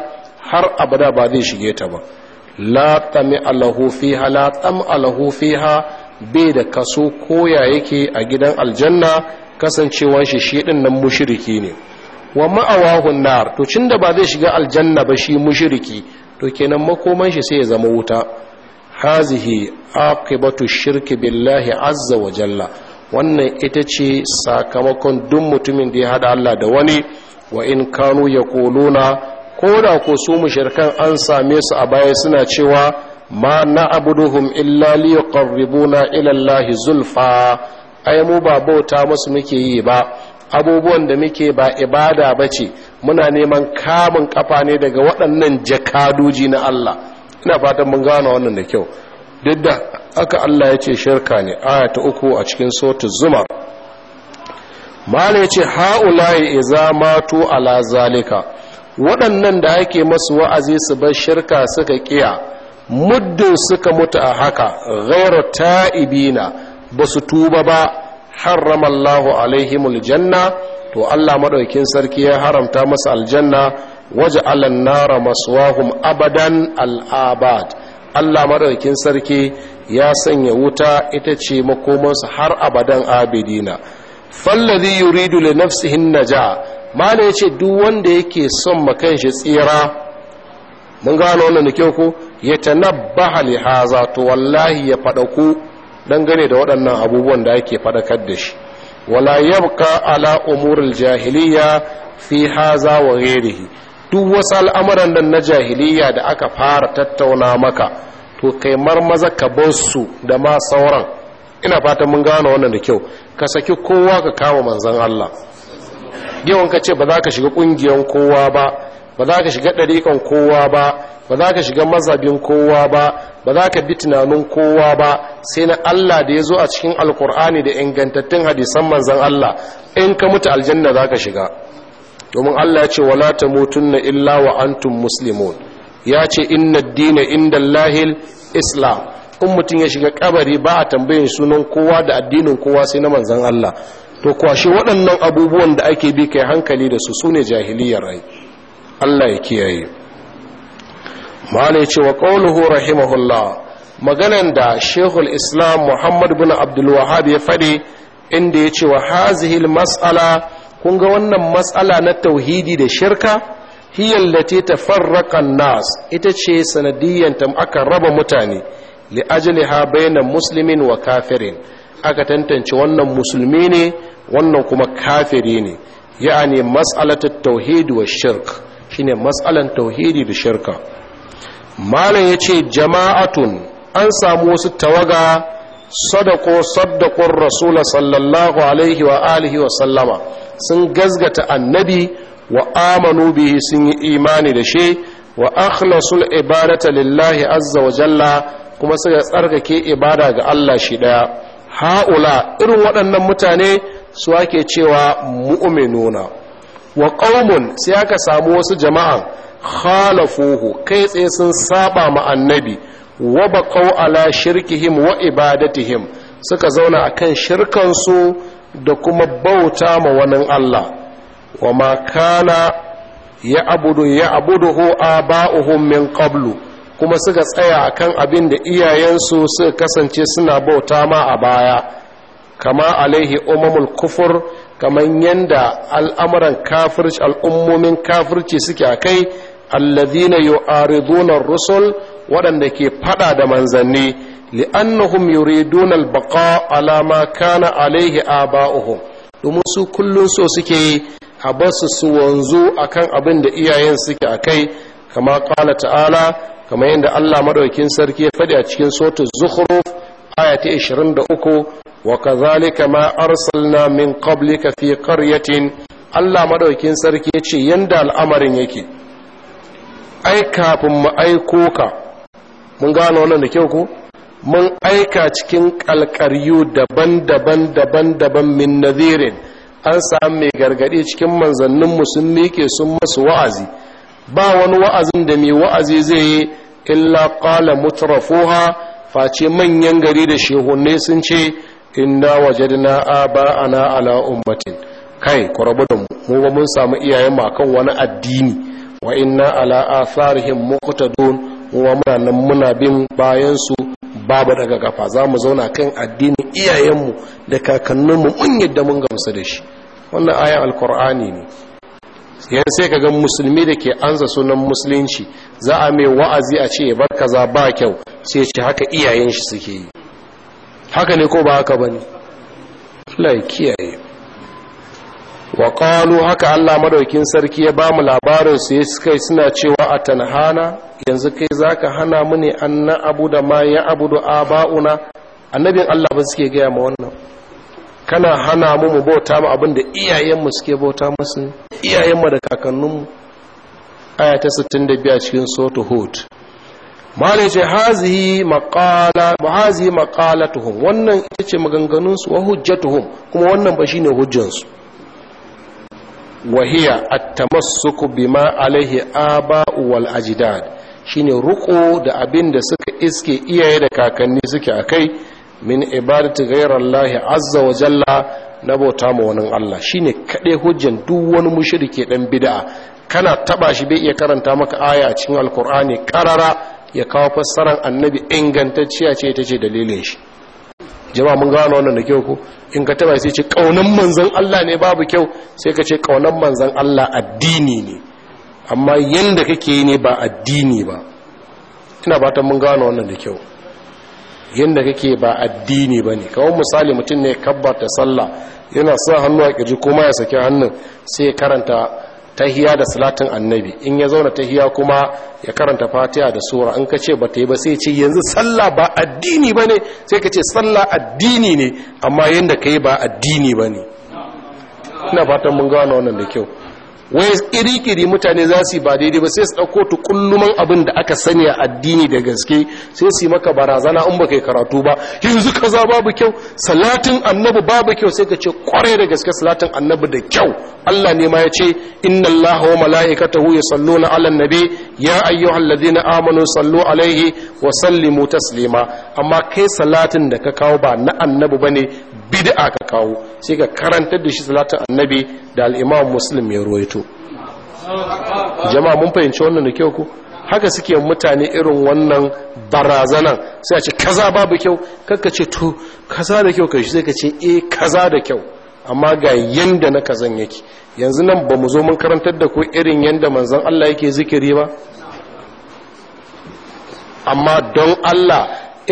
A: har abada ba zai shige ta ba la tami alahu fiha la tam alahu fiha bai da kaso koya yake a gidan aljanna kasancewan shi shi din nan mushriki ne wa ma'awahun nar to da ba zai shiga aljanna ba shi mushriki to kenan makoman shi sai ya zama wuta hazihi aqibatu shirki billahi azza wa jalla wannan ita ce sakamakon duk mutumin da ya hada Allah da wani wa in kanu yaquluna koda ko su mushrikan an same su a baya suna cewa ma na hum illa liqarribuna ila ilallahi zulfa ai mu ba bauta musu muke yi ba abubuwan da muke ba ibada ba ce muna neman kamun kafa ne daga waɗannan jakaduji na Allah ina fatan mun gano wannan da kyau duk da aka Allah ya ce shirka ne aya ta uku a cikin sotu zuma. mala ya ce ha'ulaye iza matu ala zalika waɗannan da ake masu wa'azi su bar shirka suka kiya? muddin suka mutu a haka ghairu ta'ibina ba su tuba ba haram Allahu alaihimul janna to Allah maɗaukin sarki ya haramta masa aljanna waje alan nara maswahum abadan al'abad Allah maɗaukin sarki ya sanya wuta ita ce makomansu har abadan abidina fallazi yuridu li nafsihi naja ya ce duk wanda yake son makan shi tsira mun gano wannan da kyau ko ya tanabbaha li haza to wallahi ya don dangane da waɗannan abubuwan da ake fadakar da shi wala yabqa ala umuril jahiliya fi haza wa ghairihi duk wasu al'amuran nan na jahiliya da aka fara tattauna maka to kai maza ka bar su da ma sauran ina fatan mun gane wannan da kyau ka saki kowa ka kama manzon Allah yawan ka ce ba za ka shiga ƙungiyar kowa ba ba za ka shiga ɗariƙan kowa ba ba za ka shiga mazabin kowa ba ba za ka bi tunanin kowa ba sai na Allah da ya zo a cikin alkur'ani da ingantattun hadisan manzan Allah in ka mutu aljanna za ka shiga domin Allah ya ce wala ta mutunna illa wa antum muslimun ya ce inna dina inda lahil islam in mutum ya shiga kabari ba a tambayin sunan kowa da addinin kowa sai na manzan Allah to kwashe waɗannan abubuwan da ake bi kai hankali da su sune jahiliyar rai Allah ya kiyaye malai ce wa qauluhu rahimahullah maganan da shehul Islam Muhammad bin abdulwahab ya faɗi inda ya ce wa hazihil mas'ala kun ga wannan mas'ala na tauhidi da shirka hiya ta tafarraqa nas ita ce sanadiyan tam aka raba mutane li ajliha bainan musulmin wa kafirin aka tantance wannan musulmi ne wannan kuma kafiri ne ya'ani masalatar tauhidi wa shirk shine matsalan tauhidi da shirka malam yace jama'atun an samu wasu tawaga sadako sadakon rasula sallallahu alaihi wa alihi wa sallama sun gazgata annabi wa amanu bihi sun yi imani da shi wa akhlasul ibadata lillahi azza wa jalla kuma suka tsarkake ibada ga Allah shi daya ha'ula irin waɗannan mutane su ake cewa mu'minuna wa ƙaumun sai aka samu wasu jama'a khalafuhu kai tsaye sun saba ma annabi wa baqau ala shirkihim wa ibadatihim suka zauna akan shirkansu shirkansu da kuma bauta ma wani Allah wa ma kana ya abudu ya abuduhu aba'uhum min qablu kuma suka tsaya akan abin da iyayensu suka kasance suna bauta ma a baya kama alaihi umamul kufur kamar yanda al'amuran kafirci al'ummomin kafirci suke a kai allazina yu'ariduna rusul waɗanda ke fada da manzanni li'annahum yuriduna al-baqa ala ma kana alaihi aba'uhum domin su kullun so suke a basu su wanzu akan abin da iyayen suke a kai kama qala ta'ala kama yadda Allah madaukin sarki ya faɗi a cikin sotu zukhruf aya ta 23 wa kazalika ma arsalna min qablika fi qaryatin Allah maɗaukin sarki yace yanda al'amarin yake ai kafin mu aiko ka mun gano wannan da kyau ko mun aika cikin kalkaryu daban-daban daban-daban min nadhirin an samu mai gargadi cikin manzanninmu sun miƙe sun masu wa'azi ba wani wa'azin da mai wa'azi zai yi illa qala mutrafuha face manyan gari da shehunne sun ce inna wajadna aba'ana ala ummatin kai kurabu da mu ba mun samu iyayen mu kan wani addini wa inna ala atharihim muqtadun wa muna muna bin bayansu su babu daga kafa za mu zauna kan addinin iyayenmu da kakanninmu mun yadda mun gamsu da shi wannan ayan alkur'ani ne yan sai ka ga musulmi da ke anza sunan musulunci za a mai wa'azi a ce bar kaza ba kyau sai ce haka iyayen shi suke yi haka ne ko ba haka ba ne? ya kiyaye wa qalu haka Allah madaukin sarki ya ba mu labarin su kai suna cewa a tanhana yanzu kai za ka hana mu ne an na abu da ma ya abu A ba'una annabin Allah ba suke gaya ma wannan kana hana mu mu bauta mu abin da iyayenmu suke bauta musu, iyayenmu da kakanninmu aya ta 65 cikin sotu hud malai ce hazihi maqala wa hazihi maqalatuhum wannan ita ce maganganun su wa hujjatuhum kuma wannan ba shine hujjan su wa hiya at-tamassuku bima alaihi aba wal ajdad shine ruqo da abin da suka iske iyaye da kakanni suke akai min ibadati gairallahi azza wa jalla na bauta ma wani Allah shine kaɗai hujjan duk wani mushrike dan bid'a kana taba shi bai iya karanta maka aya a cikin alkur'ani karara ya kawo fassarar annabi ingantacciya ce ta ce dalilin shi jama'a mun gano wannan da kyau ko in ka taba sai ce kaunan manzon Allah ne babu kyau sai ka ce kaunan manzon Allah addini ne amma yanda kake yi ne ba addini ba ina fatan mun gano wannan da kyau yadda kake ba addini ba ne kawai misali mutum ne kabbata sallah yana sa hannu a kirji kuma ya saki hannun sai ya karanta tahiya da salatin annabi in ya zauna tahiya kuma ya karanta fatiha da sura in kace ce ba ta yi ba sai ce yanzu sallah ba addini ba ne sai ka ce sallah addini ne amma yadda ka yi ba addini ba ne ina fatan mun gano wannan da kyau wai kiri-kiri mutane za su yi ba daidai ba sai su ɗauko ta kulluman abin da aka sani a addini da gaske sai su yi maka barazana in ba kai karatu ba yanzu kaza babu kyau salatin annabi babu kyau sai ka ce kwarai da gaske salatin annabi da kyau Allah ne ma ya ce inna Allah wa mala'ikatahu yusalluna 'alan nabi ya ayyuhalladhina amanu sallu alaihi wa sallimu taslima amma kai salatin da ka kawo ba na annabi bane bid'a ka kawo sai ka karantar da shi salatin annabi da al'imam muslim ya ruwaito jama'a mun fahimci wannan da kyau ku haka suke mutane irin wannan barazanan sai a ce kaza babu kyau kakka ce to kaza da kyau kai sai ka ce eh kaza da kyau amma ga yanda na kazan yake yanzu nan ba mu zo mun karantar da ku irin yanda manzon Allah yake zikiri ba amma don Allah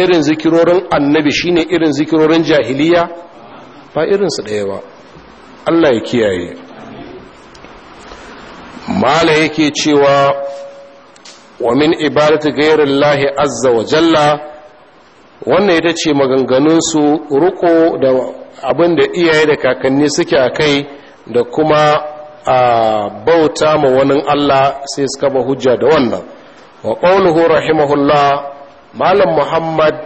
A: irin zikirorin annabi shine irin zikirorin jahiliya ba irinsu ɗaya ba allah ya kiyaye mala yake cewa wa min ibadatu ghairillahi azza wa jalla wannan ita ce maganganunsu ruko da abin da iyaye da kakanni suke a kai da kuma a bauta ma wani allah sai suka ba hujja da wannan wa qawluhu rahimahullah malam muhammad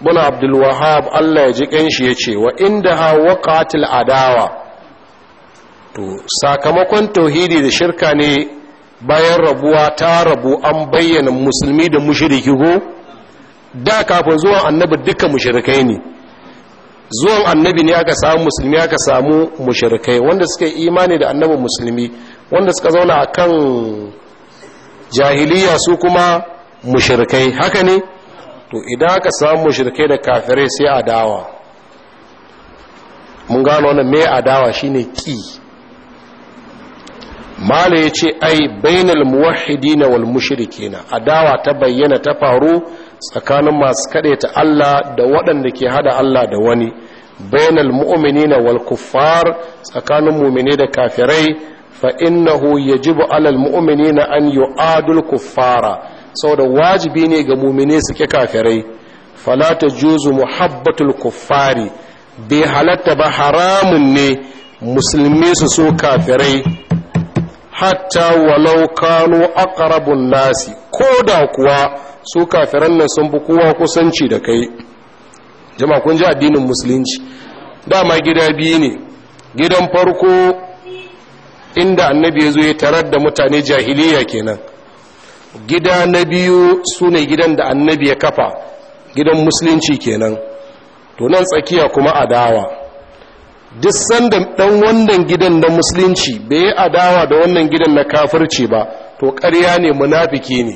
A: muna abdulwahab allah ya ji ƙanshi ya ce wa inda ha waƙatil adawa to sakamakon tauhidi da shirka ne bayan rabuwa ta rabu an bayyana musulmi da mushiriki go da kafin zuwan annabi duka mushirikai ne zuwan annabi ne aka samu musulmi aka samu mushirikai wanda suka yi imani da annabi musulmi wanda suka zauna akan jahiliya su kuma mushirikai haka ne to idan aka samu shirkai da kafirai sai adawa mun gano wannan me adawa shine ki mala ya ce ai bainal muwahhidina wal mushrikina adawa ta bayyana ta faru tsakanin masu ta Allah da waɗanda ke hada Allah da wani bainal mu'minina wal kuffar tsakanin mu'mine da kafirai fa innahu yajibu alal mu'minina an yu'adul kuffara saboda wajibi ne ga mumine su ke kafirai falata juzu muhabbatul kuffari bai halatta ba haramun ne musulmi su so kafirai hatta walau kanu aqrabun nasi ko da kuwa su kafiran nan sun fi kowa kusanci da kai jama kun ji addinin musulunci dama gida biyu ne gidan farko inda annabi ya zo ya tarar da mutane jahiliya kenan gida na biyu su ne gidan da annabi ya kafa gidan musulunci kenan to nan tsakiya kuma adawa duk sanda dan wannan gidan na musulunci bai yi adawa da wannan gidan na kafirci ba to ƙarya ne munafiki ne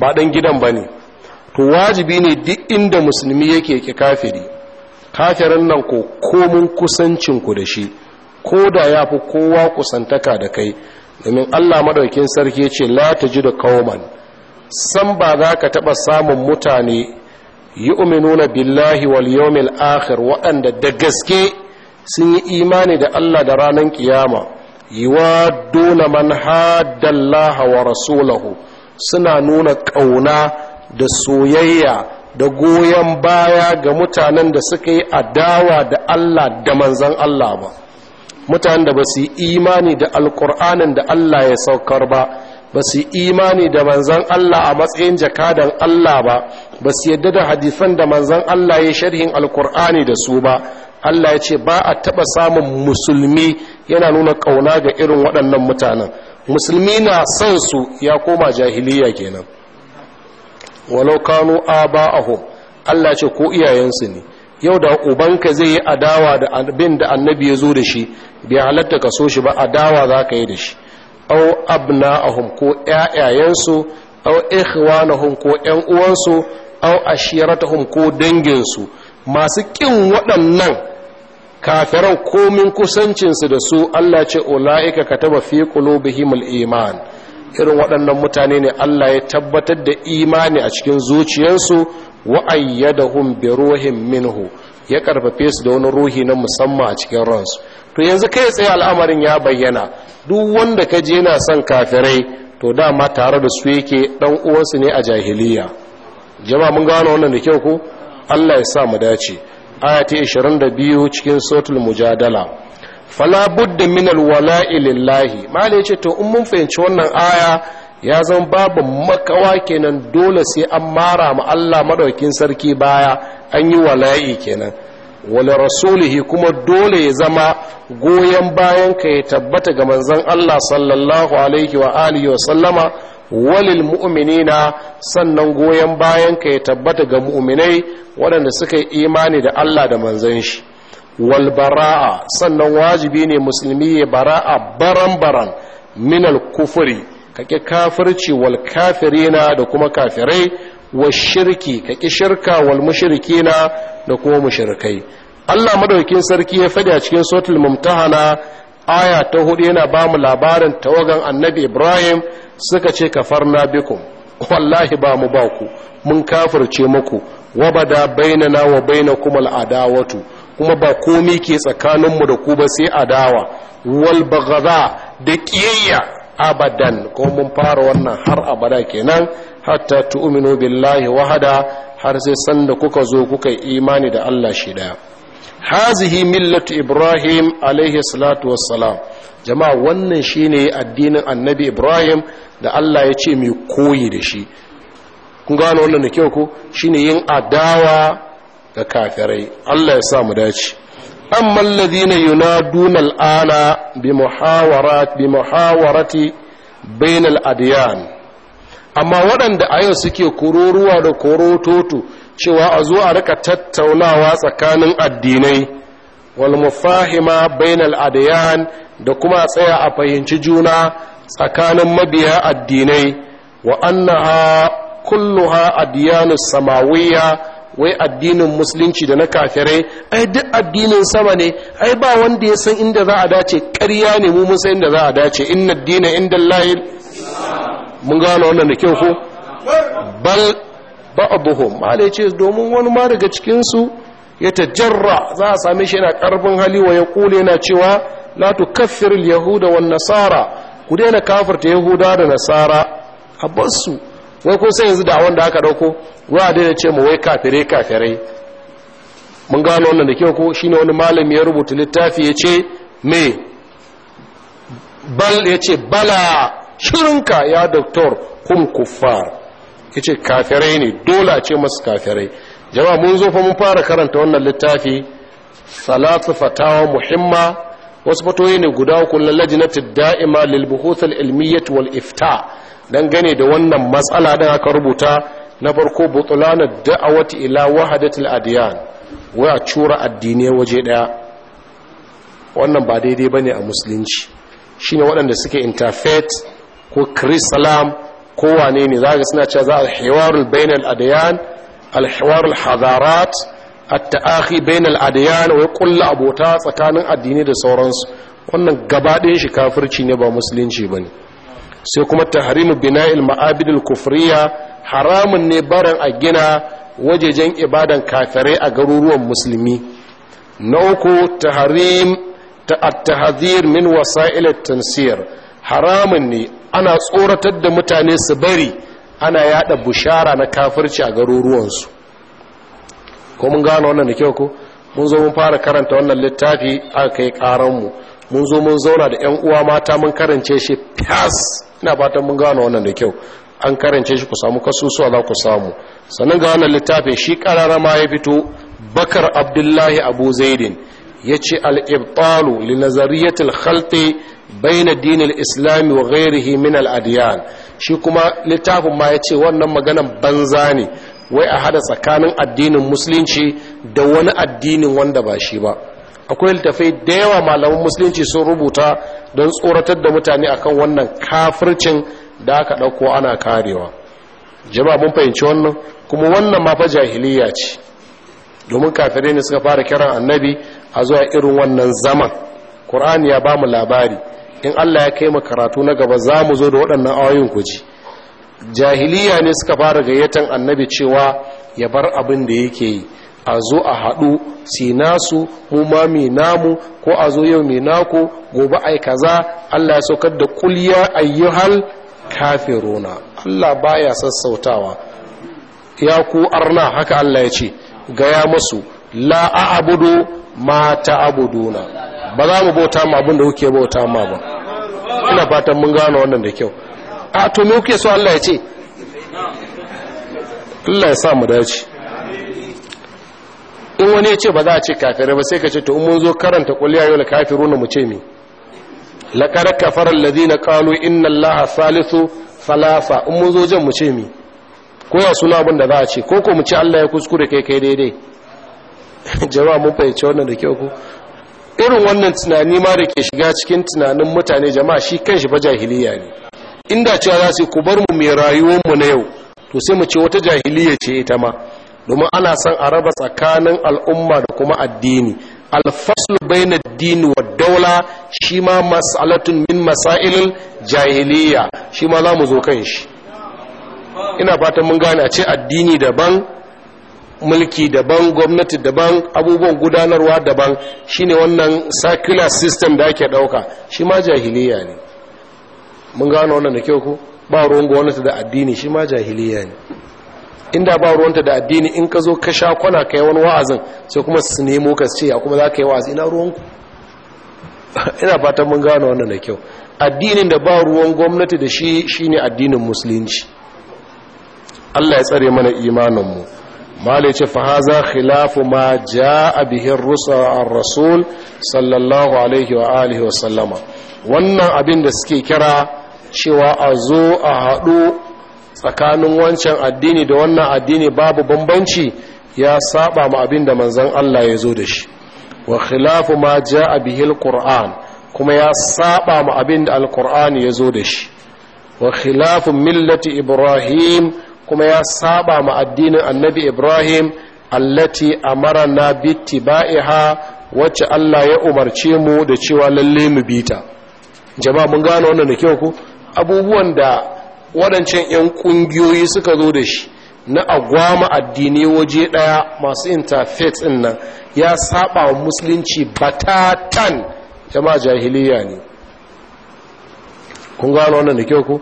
A: ba dan gidan ba ne to wajibi ne duk inda musulmi yake ki kafiri kafirin nan ko komun kusancinku da shi ko da ya fi kowa kusantaka da kai domin allah madaukin sarki ce la ta ji da kauman san ba za ka taɓa samun mutane yi uminuna billahi wal yawmil akhir waɗanda da gaske sun yi imani da Allah da ranar kiyama yi wa duna man haddallaha wa rasulahu suna nuna ƙauna da soyayya da goyon baya ga mutanen da suka yi adawa da Allah da manzan Allah ba mutanen da ba su yi imani da alƙur'anin da Allah ya saukar ba ba su imani da manzan Allah a matsayin jakadan Allah ba ba su yadda da hadisan da manzan Allah ya sharhin alkur'ani da su ba Allah ya ce ba a taɓa samun musulmi yana nuna ƙauna ga irin waɗannan mutanen musulmi na son su ya koma jahiliya kenan walau kanu aba'ahum Allah ce ko iyayensu ne yau da ubanka zai yi adawa da abin da annabi ya zo da shi bai halatta ka so shi ba adawa za ka yi da shi au abna'ahum ko ƴaƴayensu au ikhwanahum ko yan uwansu au ashiratahum ko danginsu masu ƙin waɗannan kafiran komin kusancinsu da su Allah ce ula'ika kataba fi qulubihimul iman irin waɗannan mutane ne Allah ya tabbatar da imani a cikin zuciyarsu wa ayyadahum bi ruhin minhu ya karfafe su da wani ruhi na musamman a cikin ransu to yanzu kai tsaye al'amarin ya bayyana duk wanda ka je yana son kafirai to dama tare da su yake dan uwansu ne a jahiliya jama'a mun gano wannan da kyau ko Allah ya sa mu dace aya ta 22 cikin suratul mujadala fala budda min alwala'i lillahi mala yace to in mun fahimci wannan aya ya zama babu makawa kenan dole sai an mara mu Allah madaukin sarki baya an yi wala'i kenan wale rasulihi kuma dole ya zama goyon bayan ka ya tabbata ga manzan Allah sallallahu alaihi wa alihi wa sallama walil mu'minina sannan goyon bayan ka ya tabbata ga mu'minai waɗanda suka yi imani da Allah da manzan shi Walbara'a sannan wajibi ne musulmi ya bara'a baran baran minal kufuri kufri kake kafirci wal kafirina da kuma kafirai wa shirki ka ki shirka wal mushrikina da kuma mushrikai Allah madaukin sarki ya faɗi a cikin suratul mumtahana aya ta hudu yana ba mu labarin tawagan annabi Ibrahim suka ce kafarna bikum wallahi ba mu ba ku mun kafirce muku wabada bainana wa bainakum al'adawatu kuma ba komi ke tsakaninmu da ku ba sai adawa wal baghdha da kiyayya abadan ko mun fara wannan har abada kenan hatta tu'minu billahi wahada har sai sanda kuka zo kuka yi imani da Allah shi daya hazihi millatu ibrahim alaihi salatu wassalam jama'a wannan shine addinin annabi ibrahim da Allah ya ce mai koyi da shi kun gano wannan da kyau ko shine yin adawa ga kafirai Allah ya sa mu dace amma alladhina yunaduna al'ana bi muhawarat bi muhawarati bainal adyan amma waɗanda a yau suke kururuwa da korototo cewa a zo a rika tattaunawa tsakanin addinai wal mufahima bainal adyan da kuma tsaya a fahimci juna tsakanin mabiya addinai wa annaha kulluha adyanus samawiyya wai addinin musulunci da na kafirai ai duk addinin sama ne ai ba wanda ya san inda za a dace ƙarya ne mu mun san inda za a dace inna dina inda lahil mun gano wannan da kyau ko bal ba'abuhum malai ce domin wani ma daga cikin su ya tajarra za a same shi yana karfin hali wa ya kule yana cewa la tukaffir al-yahuda wan nasara ku daina kafirta yahuda da nasara a wai ko sai yanzu da da aka dauko wa dai ya ce mu wai kafire kafire mun gano wannan da kyau ko shine wani malami ya rubuta littafi ya ce me bal ya ce bala shirinka ya doktor kum kuffar ya ce ne dole ce masu kafirai jama'a mun zo fa mun fara karanta wannan littafi salatu fatawa muhimma wasu fatoyi ne guda uku lallajinatul da'ima lil buhuth ilmiyyah wal ifta' gane da wannan matsala da aka rubuta na farko butulana da'awati ila wahadatul adiyan wai a cura addinai waje daya wannan ba daidai bane a musulunci shine waɗanda suke interfaith ko kristalam ko wane ne zaka suna cewa za al bainal adiyan al hadarat at-ta'akhi bainal adiyan wai kullu abota tsakanin addini da sauransu wannan gaba ɗayan shi kafirci ne ba musulunci bane sai kuma tahrimu bina'il ma'abidil kufriya haramun ne barin a gina wajejen ibadan kafirai a garuruwan musulmi na uku tahrim ta'attahadhir min wasa'ilat tansir haramun ne ana tsoratar da mutane su bari ana yada bushara na kafirci a garuruwansu ko mun gano wannan da kyau ko mun zo mun fara karanta wannan littafi aka kai karanmu mun zo mun zauna da 'yan uwa mata mun karance shi fas ina fatan mun gano wannan da kyau an karance shi ku samu kasusuwa za ku samu sannan ga wannan littafin shi karara ma ya fito bakar abdullahi abu zaidin ya ce al'ibtalu li nazariyatul khalti baina dinil islami wa ghairihi min al'adiyan shi kuma littafin ma ya ce wannan maganan banza ne wai a hada tsakanin addinin musulunci da wani addinin wanda ba shi ba akwai littafai da yawa malaman musulunci sun rubuta don tsoratar da mutane akan wannan kafircin da aka ɗauko ana karewa jama'a mun fahimci wannan kuma wannan mafa fa jahiliya ce domin kafirai ne suka fara kiran annabi a zuwa irin wannan zaman ƙur'ani ya bamu labari in Allah ya kai mu karatu na gaba za mu zo da waɗannan ayoyin kuji jahiliya ne suka fara gayyatan annabi cewa ya bar abin da yake yi a zo a haɗu si nasu mu ma mai namu ko a zo yau mai naku gobe ai kaza Allah ya saukar da kulya ayyuhal kafiruna Allah baya sassautawa ya ku arna haka Allah ya ce gaya masu la a'budu ma ta'buduna ba za mu bauta ma abin da kuke bauta ma ba ina fatan mun gano wannan da kyau a to me kuke so Allah ya ce Allah ya sa mu dace in wani ya ce ba za a ce kafirai ba sai ka ce to in mun zo karanta kulliya yau da na mu ce me laqad kafarar alladhina qalu inna allaha Salisu thalatha in mun zo jan mu ce ko ya suna abin da za a ce ko ko mu ce Allah ya kuskure kai kai daidai jama'a mun fahimci wannan da kyau ko irin wannan tunani ma da ke shiga cikin tunanin mutane jama'a shi kanshi ba jahiliya ne inda cewa za su ku bar mu mai rayuwar na yau to sai mu ce wata jahiliya ce ita ma domin ana son a raba tsakanin al'umma da kuma addini alfasul bain addini wa daula shi ma mas'alatun min masailin jahiliya shi ma za mu zo kan shi ina fatan mun gane a ce addini daban mulki daban gwamnati daban abubuwan gudanarwa daban shine wannan circular system da ake dauka shi ma jahiliya ne mun gane wannan da kyau ko ba ruwan gwamnati da addini shi ma jahiliya ne inda ba ruwanta da addini in ka zo ka sha kwana ka yi wani wa'azin sai kuma su nemo ka ce ya kuma za ka yi wa'azi ina ruwanku ina fatan mun gano wannan da kyau addinin da ba ruwan gwamnati da shi shi ne addinin musulunci Allah ya tsare mana imaninmu mala ce fahaza khilafu ma bihin rusa a rasul sallallahu alaihi wa alihi wa sallama wannan abin da suke kira cewa a zo a haɗu tsakanin wancan addini da wannan addini babu bambanci ya saba ma abin da manzon Allah ya zo da shi wa khilafu ma jaa bihi alquran kuma ya saba ma abin da alqur'ani ya zo da shi wa khilafu millati ibrahim kuma ya saba ma addinin annabi ibrahim allati amarna bittiba'iha wacce Allah ya umarce mu da cewa lalle mu bita jama'a mun gane wannan da kyau ku abubuwan da waɗancan 'yan ƙungiyoyi suka zo da shi na agwama addinai waje ɗaya masu interfaith ɗin nan ya saba wa musulunci batatan jama'a jahiliya ne kun gano wannan da kyau ku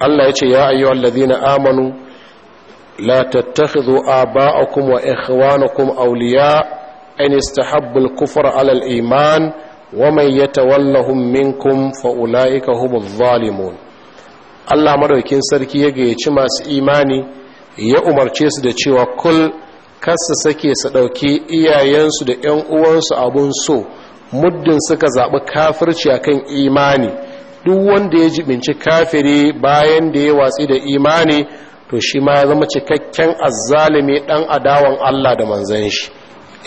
A: Allah ya ce ya ayyuhal ladina amanu la tattakhidhu aba'akum wa ikhwanakum awliya in istahabbu al-kufra 'ala al-iman wa man yatawallahum minkum fa ulaika humuz zalimun Allah madaukin sarki ya gayyaci masu imani ya umarce su da cewa kul kasa sake su ɗauki iyayensu da 'yan uwansu abun so muddin suka zaɓi kafirci akan imani duk wanda ya jibinci kafiri bayan da ya watsi da imani to shi ma ya zama cikakken azzalimi ɗan adawan Allah da manzan shi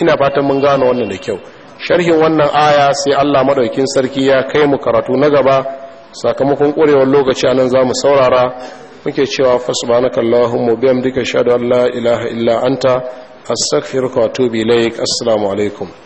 A: ina fatan mun gano wannan da kyau sharhin wannan aya sai Allah maɗaukin sarki ya kai mu karatu na gaba sakamakon ƙwarewar lokaci a nan za mu saurara muke cewa fasbanaka mu biyam dika shaɗu Allah ilaha illa anta a wa atubu ilaik assalamu alaikum